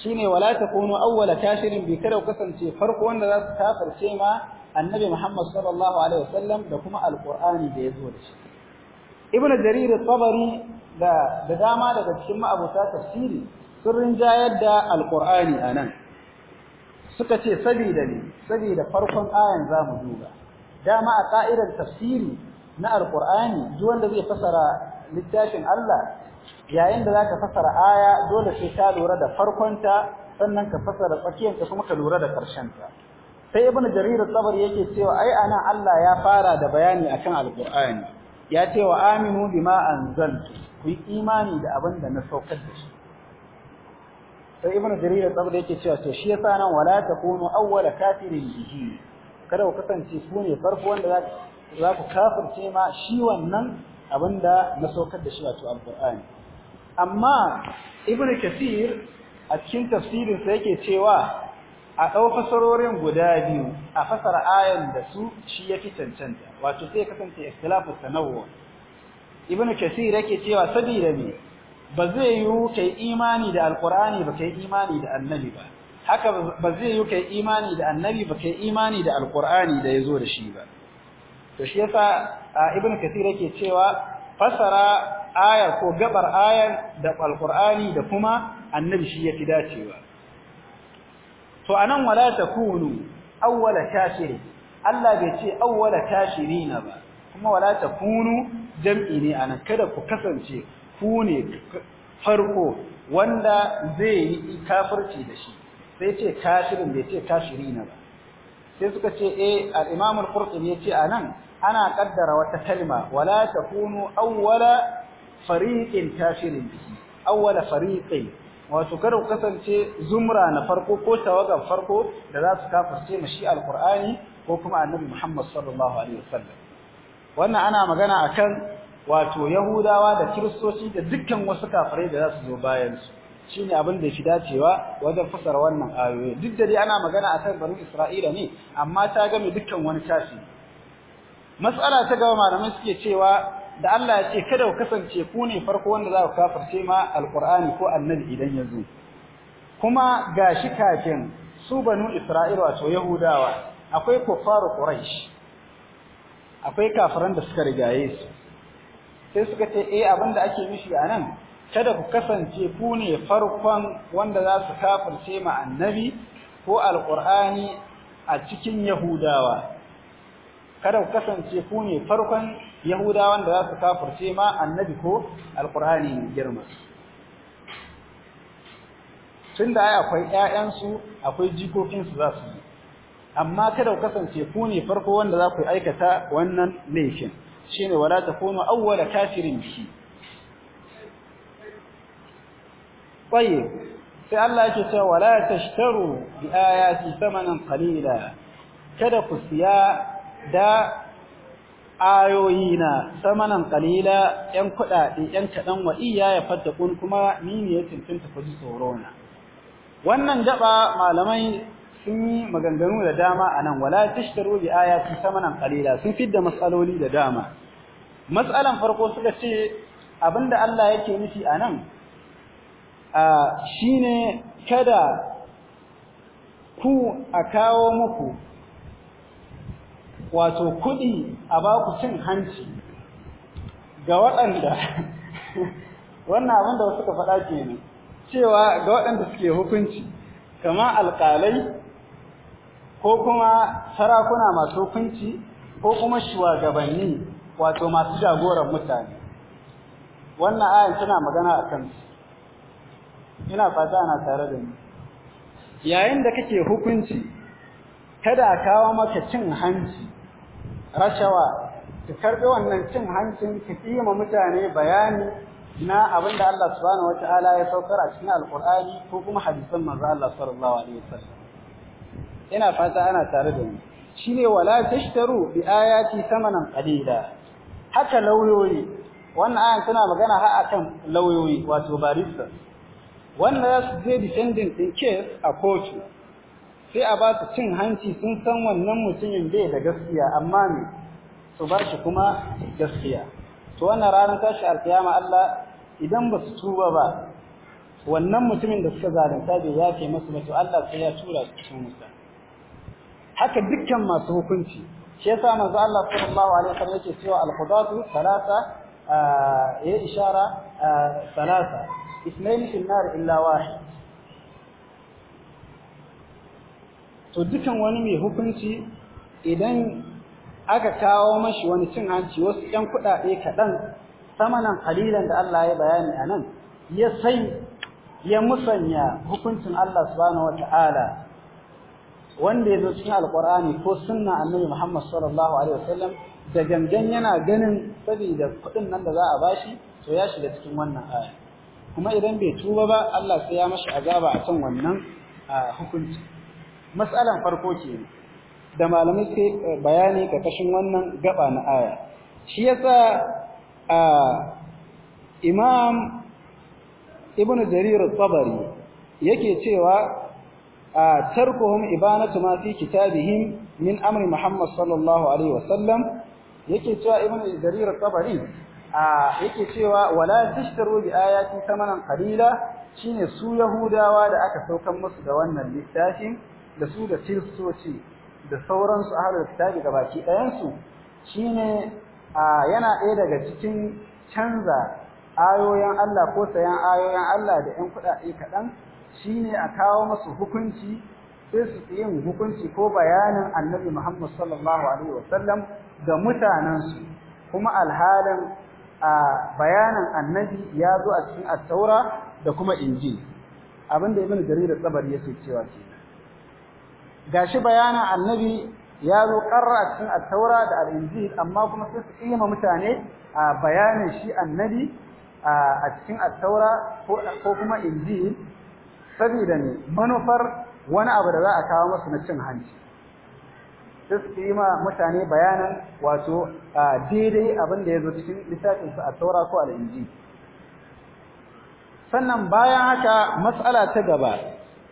shine wala takunu awwala kafirin bi kada kasance farko wanda za su kafirce ma annabi Muhammad sallallahu alaihi wasallam da kuma alqur'ani da yazo da shi ibnu jarir at-tabari da da dama daga cikin ma'abuta tafsiri sun rinjayar da alqur'ani anan suka ce sabida ne sabida farkon ayan zamu duba dama a ka'idar tafsiri na alqur'ani duk wanda zai fasara littafin Allah yayin da zaka fasara aya dole sai ka lura da farkon ta sannan ka fasara tsakiyarta kuma ka lura da ta. sai ibnu jarir al-tabari yake cewa ai anan Allah ya fara da bayani akan alqur'ani ya ce wa aminu bima anzaltu ku yi imani da abin da na saukar da shi sai ibnu jarir al-tabari yake cewa to shi yasa nan wala takunu awwala kafirin bihi kada ku kasance ku ne farko wanda za ku kafirce ma shi wannan abinda na saukar da shi wato alqur'ani amma ibn kasir a cikin tafsirin sa yake cewa a dau fasarorin guda biyu a fasara ayan da su shi yafi cancanta wato sai kasance ikhtilafu tanawwu ibn kasir yake cewa sabida ne ba zai yi kai imani da alqur'ani ba kai imani da annabi ba haka ba zai yi kai imani da annabi ba kai imani da alqur'ani da yazo da shi ba to shi yasa ibn kasir yake cewa fasara ayar ko gabar ayar da alqur'ani da kuma annabi shi yake dacewa to anan wala takunu awwal kashiri Allah bai ce awwal kashirina ba kuma wala takunu jam'i ne anan kada ku kasance ku ne farko wanda zai yi kafirci da shi sai ce kashirin bai ce kashirina ba sai suka ce eh al-imam al-qurtubi yace anan ana kaddara wata kalma wala takunu awwala fariqin kafirin awwala fariqin wato kar ku kasance zumra na farko ko tawagan farko da za su kafirce mu shi alqur'ani ko kuma annabi Muhammad sallallahu alaihi wasallam wannan ana magana akan wato yahudawa da kiristoci da dukkan wasu kafirai da za su zo bayan su shine abin da shi dacewa wajen fasara wannan ayoyi duk da dai ana magana akan banu Isra'ila ne amma ta game dukkan wani tashi. mas'ala ta gaba malamai suke cewa da Allah ya ce kada ku kasance ku ne farko wanda za ku kafirce ma Al-Qur'ani ko annabi idan ya zo kuma shi kafin su banu isra'ila wato yahudawa akwai kuffaru Quraysh. akwai kafiran da suka rigaye su sai suka ce eh abinda ake mishi a nan kada ku kasance ku ne farkon wanda za su kafirce ma annabi ko Al-Qur'ani a cikin yahudawa kada ku kasance ku ne farkon yahudawan da za su kafirce ma annabi ko Alƙur'ani mai girma tunda ai akwai 'ya'yansu, akwai jikokinsu za su yi amma kada ku kasance ku ne farko wanda za ku aikata wannan laifin shine wala takunu awwala kafirin bihi tayyib sai Allah yake cewa wala tashtaru bi ayati thamanan qalila kada ku siya da ayoyi na samanan kalila yan kuɗaɗe yan kaɗan wa iya ya fadda kun kuma ni ne ya tuntunta ku tsorona. na wannan gaba malamai sun yi maganganu da dama anan wala tashtaru bi ayati samanan kalila sun fidda matsaloli da dama matsalan farko suka ce abinda Allah yake nufi anan a shine kada ku a kawo muku wato kuɗi a baku cin hanci ga waɗanda wannan abin da suka faɗa kenan cewa ga waɗanda suke hukunci kama alƙalai ko kuma sarakuna masu hukunci ko kuma shugabanni wato masu jagoran mutane wannan ayan tana magana a kan ina fata ana tare da ni yayin da kake hukunci kada a kawo maka cin hanci rashawa ki karbi wannan cin hancin ki kima mutane bayani na abin da Allah subhanahu wataala ya saukar a cikin alqur'ani ko kuma hadisan manzo Allah sallallahu alaihi wasallam ina fata ana tare da ni shine wala tashtaru bi ayati samanan qalila haka lauyoyi wannan ayan tana magana har akan lauyoyi wato barista Wannan za su je defending din case a kotu sai a ba su cin hanci sun san wannan mutumin bai da gaskiya amma me su ba shi kuma gaskiya to wannan ranar tashi alkiyama Allah idan ba su tuba ba wannan mutumin da suka zalunta bai yafe masu ba to Allah sai ya tura su cikin wuta haka dukkan masu hukunci shi yasa manzo Allah sallallahu alaihi wasallam yake cewa al-qudatu thalatha eh, ya ishara Salasa. اثنين في النار إلا to dukan wani mai hukunci idan aka kawo mashi wani cin hanci wasu ɗan kuɗaɗe kaɗan samanan halilan da Allah ya bayani a nan ya sai ya musanya hukuncin Allah subhanahu wata'ala wanda ya zo cikin alƙur'ani ko sunna annabi Muhammad sallallahu alaihi wasallam da gangan yana ganin saboda kuɗin nan da za a bashi to ya shiga cikin wannan aya kuma idan bai tuba ba Allah sai ya mashi azaba a kan wannan hukunci Matsalan farko ke da malamai sai eh, bayani kashin wannan gaba na aya shi yasa imam ibn jarir at-tabari yake cewa tarkuhum ibanatu ma fi kitabihim min amri muhammad sallallahu alaihi wasallam yake cewa ibn jarir Tabari tabari yake cewa wala tashtaru bi ayati thamanan qalila shine su yahudawa da aka saukan musu da wannan littafin da su da kiristoci da sauransu a ahlul kitabi baki ɗayansu shi a yana ɗaya daga cikin canza ayoyin Allah ko sayan ayoyin Allah da yan kuɗaɗe kaɗan Shi ne a kawo masu hukunci sai su yin hukunci ko bayanin Annabi Muhammad sallallahu alaihi wasallam da mutanensu kuma alhalin a bayanin Annabi ya zo a cikin Attaura da kuma Injil abinda Ibn Jarir da tsabar yake cewa ce. Ga shi bayanin annabi ya zo karra a cikin at-taura da al-injil amma kuma sai su kima mutane a bayanin shi annabi a cikin at-taura ko kuma injil saboda ne manufar wani abu da za a kawo masu na cin hanci sai su kima mutane bayanan wato daidai abin da ya zo cikin littafinsu a taura ko al-injil sannan bayan haka matsala ta gaba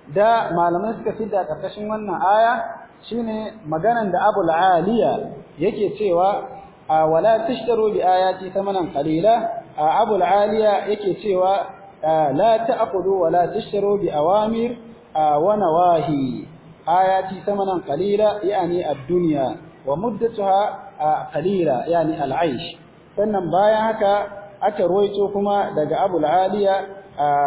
da malamai suka fi da karkashin wannan aya shine maganan da Abu Aliya yake cewa a wala tashtaru bi ayati thamanan qalila Abu Aliya yake cewa la ta'khudhu wala tashtaru bi awamir wa nawahi ayati thamanan qalila yani ad-dunya wa muddatuha qalila yani al-aish sannan bayan haka aka ruwaito kuma daga Abu Aliya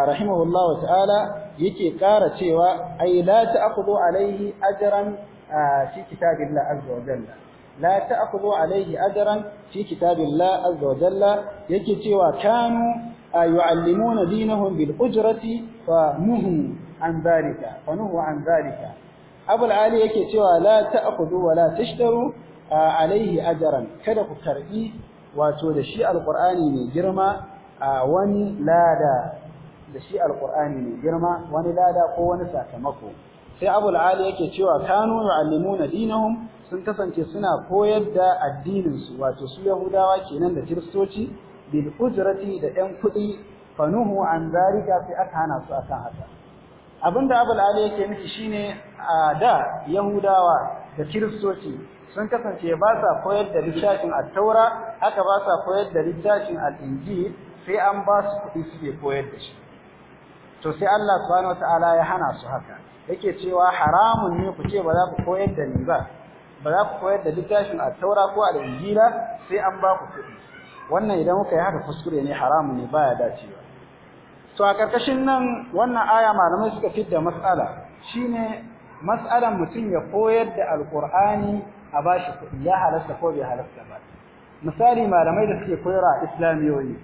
rahimahullahu ta'ala yake ƙara cewa ai la ta'khudhu alaihi ajran fi kitabillah azza wa jalla la ta'khudhu alaihi ajran fi kitabillah azza wa jalla yake cewa kanu yu'allimuna dinahum bil ujrati fa nuhu an zalika fa nuhu an zalika abul ali yake cewa la ta'khudhu wa la tashtaru alayhi ajran kada ku karbi wato da shi alqur'ani mai girma wani lada da shi alqur'ani ne girma wani lada ko wani sakamako sai abul ali yake cewa kanu yu'allimuna dinahum sun kasance suna koyar da addinin su wato su yahudawa kenan da kristoci bil ujrati da 'yan kuɗi fanuhu an zalika sai aka hana su akan haka abinda abul ali yake nufi shine a da yahudawa da kiristoci sun kasance ba sa koyar da littafin at-taura haka ba sa koyar da littafin al-injil sai an ba su kuɗi suke koyar da shi to sai Allah subhanahu wataala ya hana su haka yake cewa haramun ne ku ce ba za ku koyar da ni ba ba za ku koyar da littafin at-taura ko al-injila sai an ba ku kuɗi wannan idan kuka yi haka kuskure ne haramun ne baya dacewa to a karkashin nan wannan aya malamai suka fitar mas'ala shine mas'alan mutum ya koyar da al al-qur'ani a bashi kuɗi ya halasta ko bai halasta ba misali malamai da suke koyarwa islamiyoyi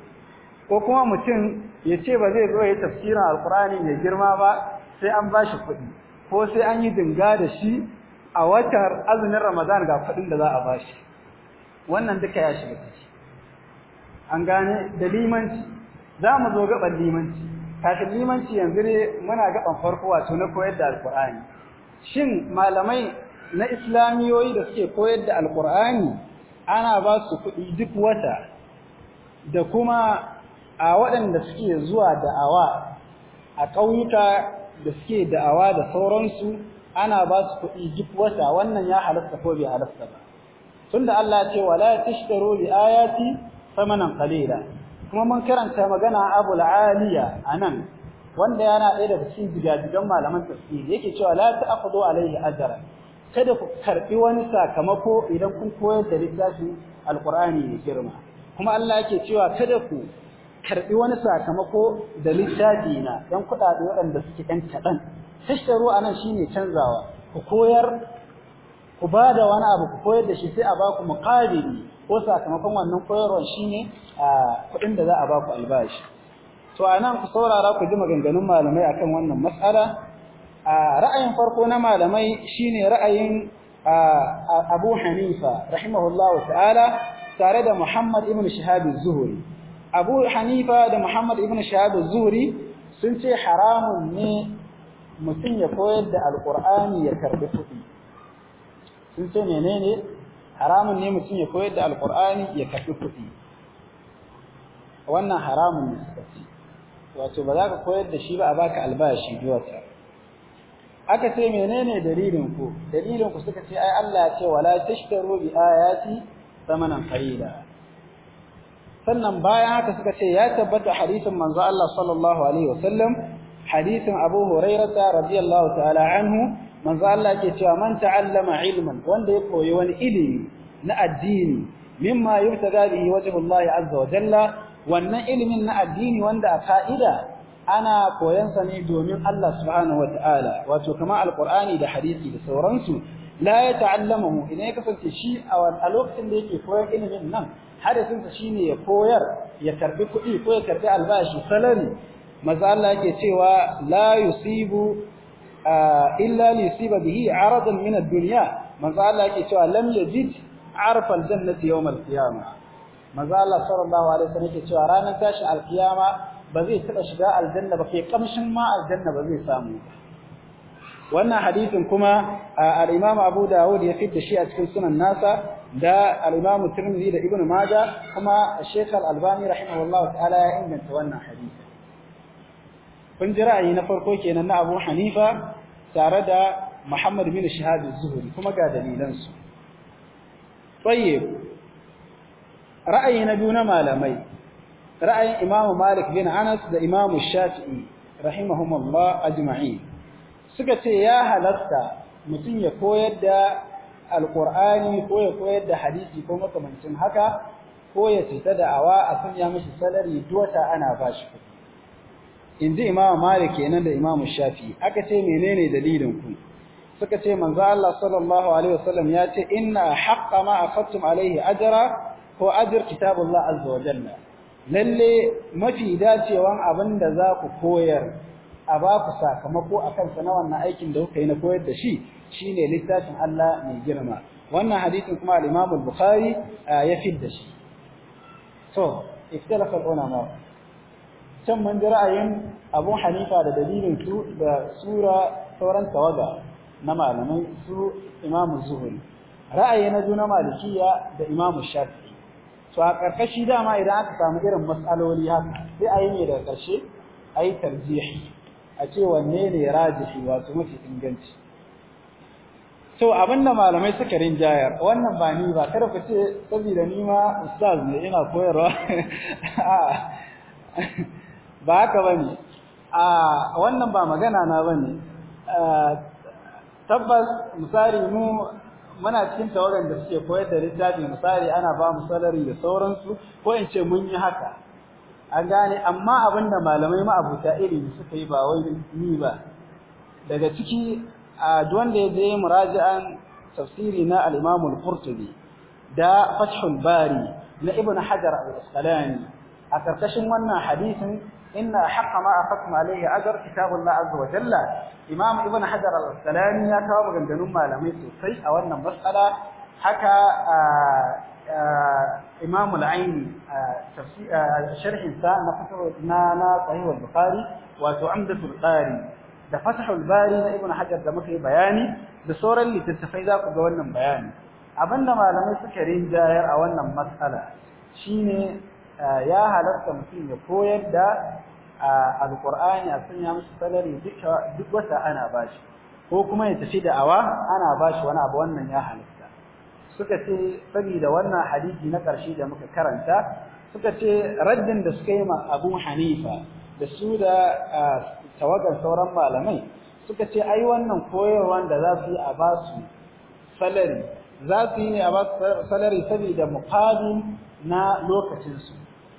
ko kuma mutum ya ce ba zai zo ya tafsirin alkurani mai girma ba sai an bashi kuɗi ko sai an yi dinga da shi a watan azumin ramadan ga kuɗin da za a bashi wannan duka ya shiga ciki an gane da limanci za mu zo gaban limanci kafin limanci yanzu ne muna gaban farko wato na koyar da alkur'ani shin malamai na islamiyoyi da suke koyar da alkur'ani ana ba su kuɗi duk wata da kuma a waɗanda suke zuwa da'awa a ƙauyuka da suke da'awa da sauransu ana ba su kuɗi duk wata wannan ya halasta ko bai halasta ba tunda Allah ce wala tashtaru bi ayati samanan qalila kuma mun karanta magana Abu al-Aliya anan wanda yana ɗaya daga cikin jigajigan malaman tafsiri yake cewa la ta'khudhu alayhi ajra kada ku karbi wani sakamako idan kun koyar da littafin Al-Qur'ani ne girma kuma Allah yake cewa kada ku karbi wani sakamako da littafi na dan kudade waɗanda suke ɗan kaɗan tashtaru anan shine canzawa ku koyar ku bada wani abu ku koyar da shi sai a baku muqabili ko sakamakon wannan koyarwar shine kuɗin da za a baku albashi to anan ku saurara ku ji maganganun malamai akan wannan mas'ala ra'ayin farko na malamai shine ra'ayin Abu Hanifa rahimahullahu ta'ala tare da Muhammad ibn Shihab az-Zuhri Abu Hanifa da Muhammad ibn Shahab Zuhri sun ce haramun ne mutum ya koyar da Alƙur'ani ya karbi kuɗi. Sun ce menene? Haramun ne mutum ya koyar da Alƙur'ani ya karbi kuɗi. Wannan haramun ne suka ce. Wato ba za ka koyar da shi ba a baka albashi duwata. Aka ce menene dalilin ku? Dalilin ku suka ce ai Allah ya ce wala tashtaru bi ayati thamanan qalila. sannan bayan haka suka ce ya tabbata hadisin manzo Allah sallallahu alaihi wasallam hadisin Abu Hurairah radiyallahu ta'ala anhu manzo Allah ke cewa man ta'allama ilman wanda ya koyi wani ilimi na addini mimma yurtada bihi wajhullahi azza wa jalla wannan ilimin na addini wanda a ka'ida ana koyansa ne domin Allah subhanahu wa ta'ala wato kamar alqur'ani da hadisi da sauransu la ya mu? idan ya kasance shi a lokacin da yake koyar ilimin nan hadasinsa shine ya koyar ya karbi kuɗi ko ya karbi albashi salari maza Allah yake cewa la yusibu illa li yusiba bihi aradan min ad-dunya maza Allah yake cewa lam yajid arfa al-jannati yawm al-qiyamah maza Allah sallallahu alaihi wasallam yake cewa ranar tashi al-qiyama ba zai taba shiga aljanna ba kai kamshin ma aljanna ba zai samu ba wannan hadisin kuma al-Imam Abu Dawud ya fitta shi a cikin sunan nasa da al-Imam Tirmidhi da Ibn Majah kuma Sheikh Al-Albani rahimahullahu ta'ala ya inganta wannan hadisi kun ji ra'ayi na farko kenan na Abu Hanifa tare da Muhammad bin Shihab az-Zuhri kuma ga dalilan su tayyib ra'ayi na biyu na malamai ra'ayin Imam Malik bin Anas da Imam Shafi'i rahimahumullah ajma'in suka ce ya halatta mutum ya koyar da alkur'ani ko ya koyar da hadisi ko makamancin haka ko ya ta da'awa a sanya mashi salari duwata ana bashi kuɗi In ji imamu malik kenan da imamu shafi aka ce menene dalilin ku suka ce manzo Allah sallallahu alaihi wasallam ya ce inna haqqa ma fattun alaihi ajra ko ajr kitabullah azza wa jalla lalle mafi dacewan abinda za ku koyar a ba ku sakamako a kansa na wannan aikin da kuka yi na koyar da shi shine littafin Allah mai girma wannan hadisin kuma al-Imam al-Bukhari ya fidda shi to ikhtilafa al-ulama can mun ji ra'ayin Abu Hanifa da dalilin su da sura sauran tawaga na malamai su Imam Zuhri ra'ayi na juna malikiya da Imam Shafi. to a karkashi dama idan aka samu irin mas'aloli haka sai a yi ne daga ƙarshe ai tarjihi a ce wanne ne rajihi wato mafi inganci to abinda malamai suka rinjayar wannan ba ni ba kada ku ce saboda ni ma ustaz ne ina koyarwa ba haka bane a wannan ba magana na bane tabbas misali mu muna cikin tawagan da suke koyar da littafi misali ana ba mu da sauransu ko in ce mun yi haka an gane amma abinda malamai ma'abuta ilimi suka yi ba wai ni ba daga ciki a wanda ya je muraji'an tafsiri na al-Imam al-Qurtubi da Fathul Bari na Ibn Hajar al-Asqalani a karkashin wannan hadisin inna haqqa ma aqatma alayhi ajr kitabullah azza wa jalla Imam Ibn Hajar al-Asqalani ya kawo maganganun malamai sosai a wannan matsala haka Imam al-Aini sharhin sa na fasahu na na wato Amdatul Qari da Fathul Bari na Ibn Hajar da muka yi bayani da sauran littattafai za ku ga wannan bayani abinda malamai suka rinjayar a wannan matsala shine ya halarta mutum ya koyar da alkur'ani a sanya musu salari duk wata ana bashi ko kuma ya tafi da awa ana bashi wani abu wannan ya halarta suka ce saboda wannan hadisi na ƙarshe da muka karanta suka ce raddin da suka yi ma Abu Hanifa da su da tawagar sauran malamai suka ce ai wannan koyarwan da za su yi a su salari za su yi ne a su salari saboda muqabil na lokacinsu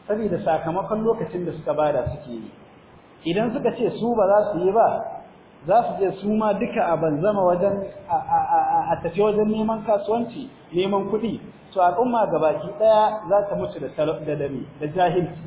saboda sakamakon lokacin da suka bada suke yi idan suka ce su ba za su yi ba za su je su ma duka a banzama wajen a tafi wajen neman kasuwanci neman kuɗi to al'umma gabaki ɗaya za ta mutu da da dami da jahilci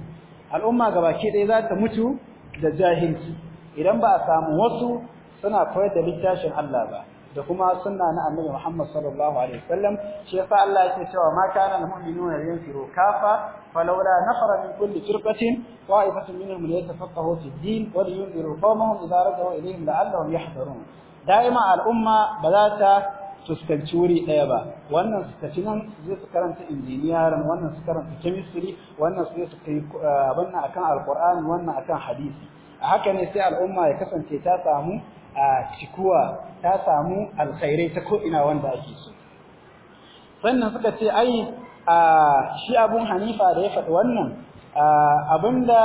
al'umma gabaki daya za ta mutu da jahilci idan ba a samu wasu suna koyar da littafin Allah ba da kuma sunna na Annabi Muhammad sallallahu alaihi wasallam shi yasa Allah yake cewa ma kana al-mu'minuna yanfiru kafa falawla nafara min kulli firqatin wa'ifatun minhum liyatafaqahu fi din wa liyunziru qawmahum idza raja'u ilayhim la'allahum yahdharun da'ima al al'umma ba za ta fuskanci wuri ɗaya ba wannan suka tafi nan su je su karanta injiniyarin wannan su karanta chemistry wannan su je su kai wannan eh, akan alqur'ani wannan akan hadisi a haka ne sai al'umma ya kasance ta samu a cikuwa ta samu alkhairai ta ko'ina wanda ake so sannan suka ce ai shi abun hanifa da ya faɗi wannan abinda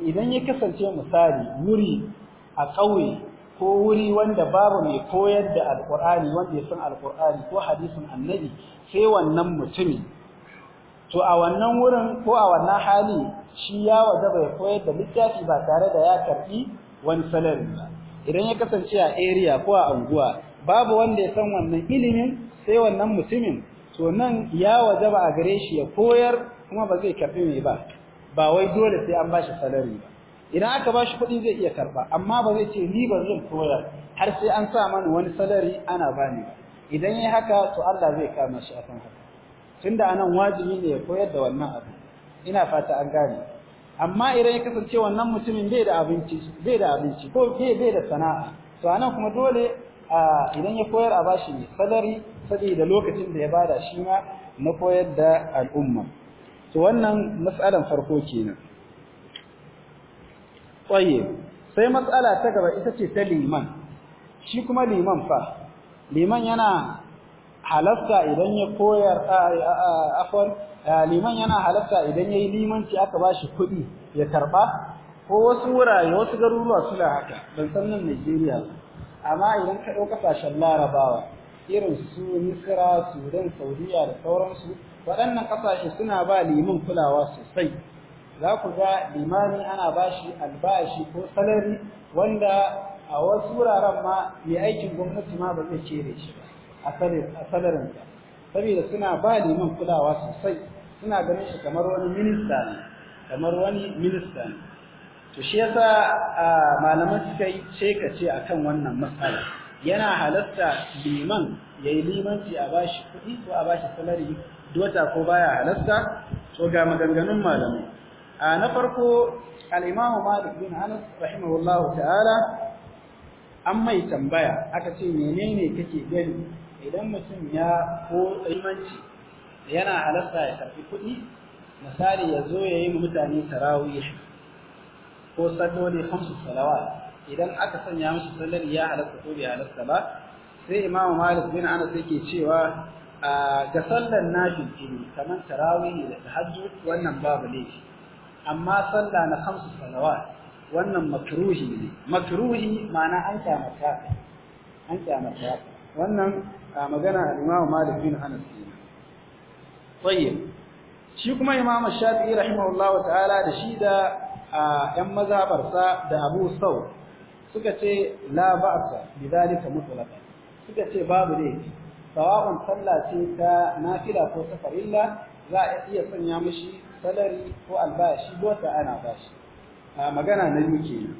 idan ya kasance misali wuri a ƙauye ko wuri wanda babu mai koyar da alkur'ani wanda ya san ko hadisin annabi sai wannan mutumin. to a wannan wurin ko a wannan hali shi ya wajaba bai koyar da littafi ba tare da ya karbi wani salari ba idan ya kasance a area ko a unguwa babu wanda ya san wannan ilimin sai wannan mutumin to nan ya wajaba a gare shi ya koyar kuma ba zai karbi mai ba ba wai dole sai an bashi salari ba idan aka ba shi kuɗi zai iya karɓa amma ba zai ce ni ba zan koyar har sai an sa mani wani salari ana bani idan yayi haka to Allah zai kama shi akan haka tunda anan wajibi ne ya koyar da wannan abu ina fata an gane amma idan ya kasance wannan mutumin bai da abinci bai da abinci ko bai bai da sana'a to anan kuma dole idan ya koyar a bashi salari saboda lokacin da ya bada shi ma na koyar da al'umma to wannan matsalan farko kenan tayyib sai matsala ta gaba ita ce ta liman shi kuma liman fa liman yana halasta idan ya koyar afwan liman yana halasta idan yayi limanci aka ba shi kuɗi ya karba ko wasu wurare wasu garuruwa suna haka ban san nan Najeriya amma idan ka ɗauka kasashen Larabawa irin su Misra Sudan Saudiya da sauransu waɗannan kasashe suna ba liman kulawa sosai za ku ga limami ana bashi albashi ko salari wanda a wasu wuraren ma mai aikin gwamnati ma ba zai cere shi ba a salarinsa saboda suna ba liman kulawa sosai suna ganin shi kamar wani minista ne kamar wani minista ne to shi yasa malaman suka yi cekace kan wannan matsala yana halatta liman ya yi limanci a bashi kuɗi ko a bashi salari dota ko baya halatta to ga maganganun malamai a na farko al-Imam Malik bin Anas rahimahullahu ta'ala an mai tambaya aka ce menene kake gani idan mutum ya ko imanci yana halasta ya karfi kuɗi misali ya zo ya yi mutane tarawih ko salloli khamsu salawat idan aka sanya musu sallar ya halasta, ko bai halarta ba sai Imam Malik bin Anas yake cewa ga sallar nafil kamar tarawih da tahajjud wannan babu laifi amma sallah na khamsu salawat wannan makruhi ne makruhi ma'ana an kyamata an kyamata wannan magana al-Imam Malik bin Anas ne tayyib shi kuma Imam Shafi'i rahimahullahu ta'ala da shi da ƴan mazafarsa da Abu Saud suka ce la ba'sa bidhalika mutlaqan suka ce babu dai. sawa'un sallah ce ta nafila ko ta farilla za a iya sanya mishi salari ko albashi wata ana bashi magana na biyu kenan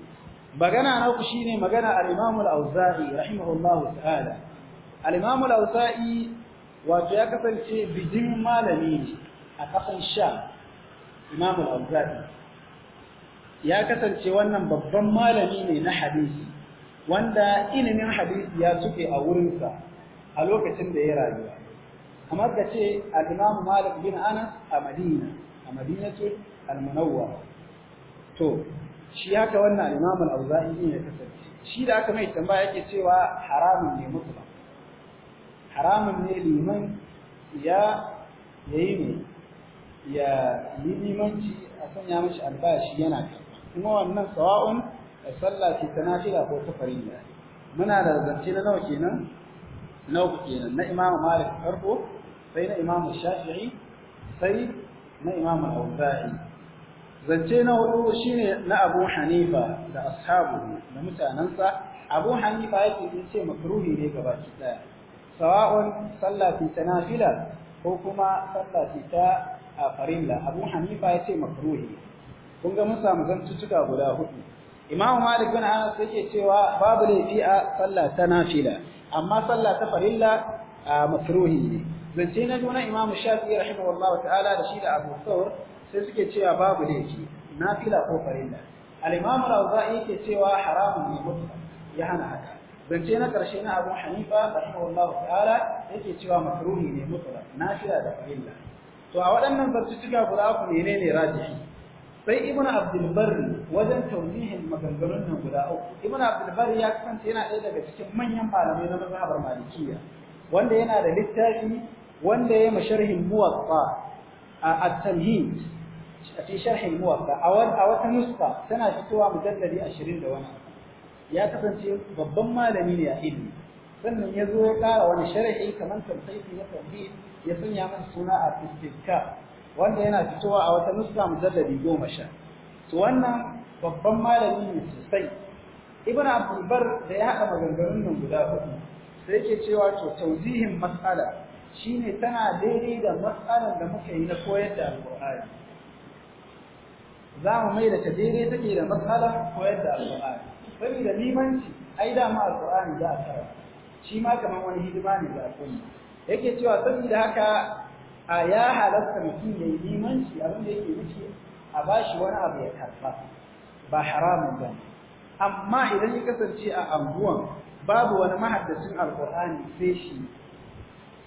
magana na uku shine magana al-Imam al-Auza'i rahimahullahu ta'ala al-Imam al-Auza'i wato ya kasance bijin malami ne a kafin sha Imam al-Auza'i ya kasance wannan babban malami ne na hadisi wanda ilimin hadisi ya tuke a wurinsa a lokacin da ya rayuwa kamar da ce al-Imam Malik bin Anas a Madina a madinatul almunawwara to shi haka wannan al-imam al-auza'i ne ya kasance shi da aka mai tambaya yake cewa haramun ne mutlaq haramun ne liman ya yayi ne ya yi limanci a sanya mashi albashi yana karɓa kuma wannan sawa'un sallah ce ta nafila ko ta farilla muna da zance na nawa kenan na kenan na imam malik farko sai na imam shafi'i sai na Imam Al-Auza'i zance na hudu shine na Abu Hanifa da ashabu da mutanansa Abu Hanifa yake ce makruhi ne gabaki daya sawa'un sallah tanafila ko kuma sallah ta farilla Abu Hanifa yace makruhi kun ga mun samu tuka guda hudu Imam Malik bin Anas yake cewa babu laifi a sallah ta nafila amma sallah ta farilla makruhi ne zance na juna imamu shafi'i rahimahullah ta'ala da shi da abu thawr sai suke cewa babu laifi nafila ko farilla al-imam al-awza'i yake cewa haramun ne mutlaq ya hana haka zance na karshe na abu hanifa rahimahullah ta'ala yake cewa makruhi ne mutlaq nafila da farilla to a waɗannan zartuka guda ku menene rajihi sai ibnu abdul barri wajen tawjihin maganganun nan guda uku ibnu abdul barri ya kasance yana ɗaya daga cikin manyan malamai na mazhabar malikiyya wanda yana da littafi wanda ya masharhin muwaffa a at-tamhid a cikin sharhin muwaffa a wata nuska tana fitowa mujalladi ashirin da wani ya kasance babban malami ne a ilmi sannan ya zo ya ƙara wani sharhi kamar tafsiri na tafsir ya sanya masa suna a istizka wanda yana fitowa a wata nuska mujalladi 10 to wannan babban malami ne sosai ibn abdul bar da ya haɗa maganganun nan guda uku sai yake cewa to tauzihin mas'ala Shi ne tana daidai da matsalar da muka yi na koyar da alƙur'ani za mu mai da ta daidai take da matsalar koyar da alƙur'ani da limanci ai dama alƙur'ani za a tara shi ma kamar wani hidima ne za a kuma yake cewa sabida haka a ya halatta mutum ya yi limanci abin da yake wuce a bashi wani abu ya karɓa ba haramun ba amma idan ya kasance a anguwan babu wani mahaddacin alƙur'ani sai shi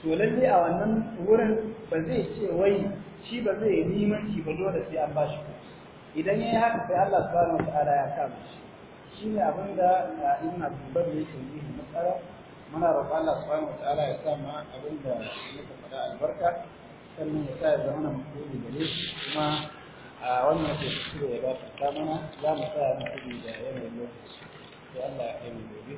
to lalle a wannan wurin ba zai ce wai shi ba zai yi shi ba dole sai an bashi ba, idan yi haka sai Allah subhanahu ta'ala ya kama shi shine abin da dubar ne ke yi matsara muna roƙon Allah subhanahu ta'ala ya sa mu abin da muka faɗa albarka sannan ya sa ya zama na mutum gare shi kuma a wannan ke ya ba ta mana za mu sa mutum da yanayin lokaci sai Allah ya kai mu gobe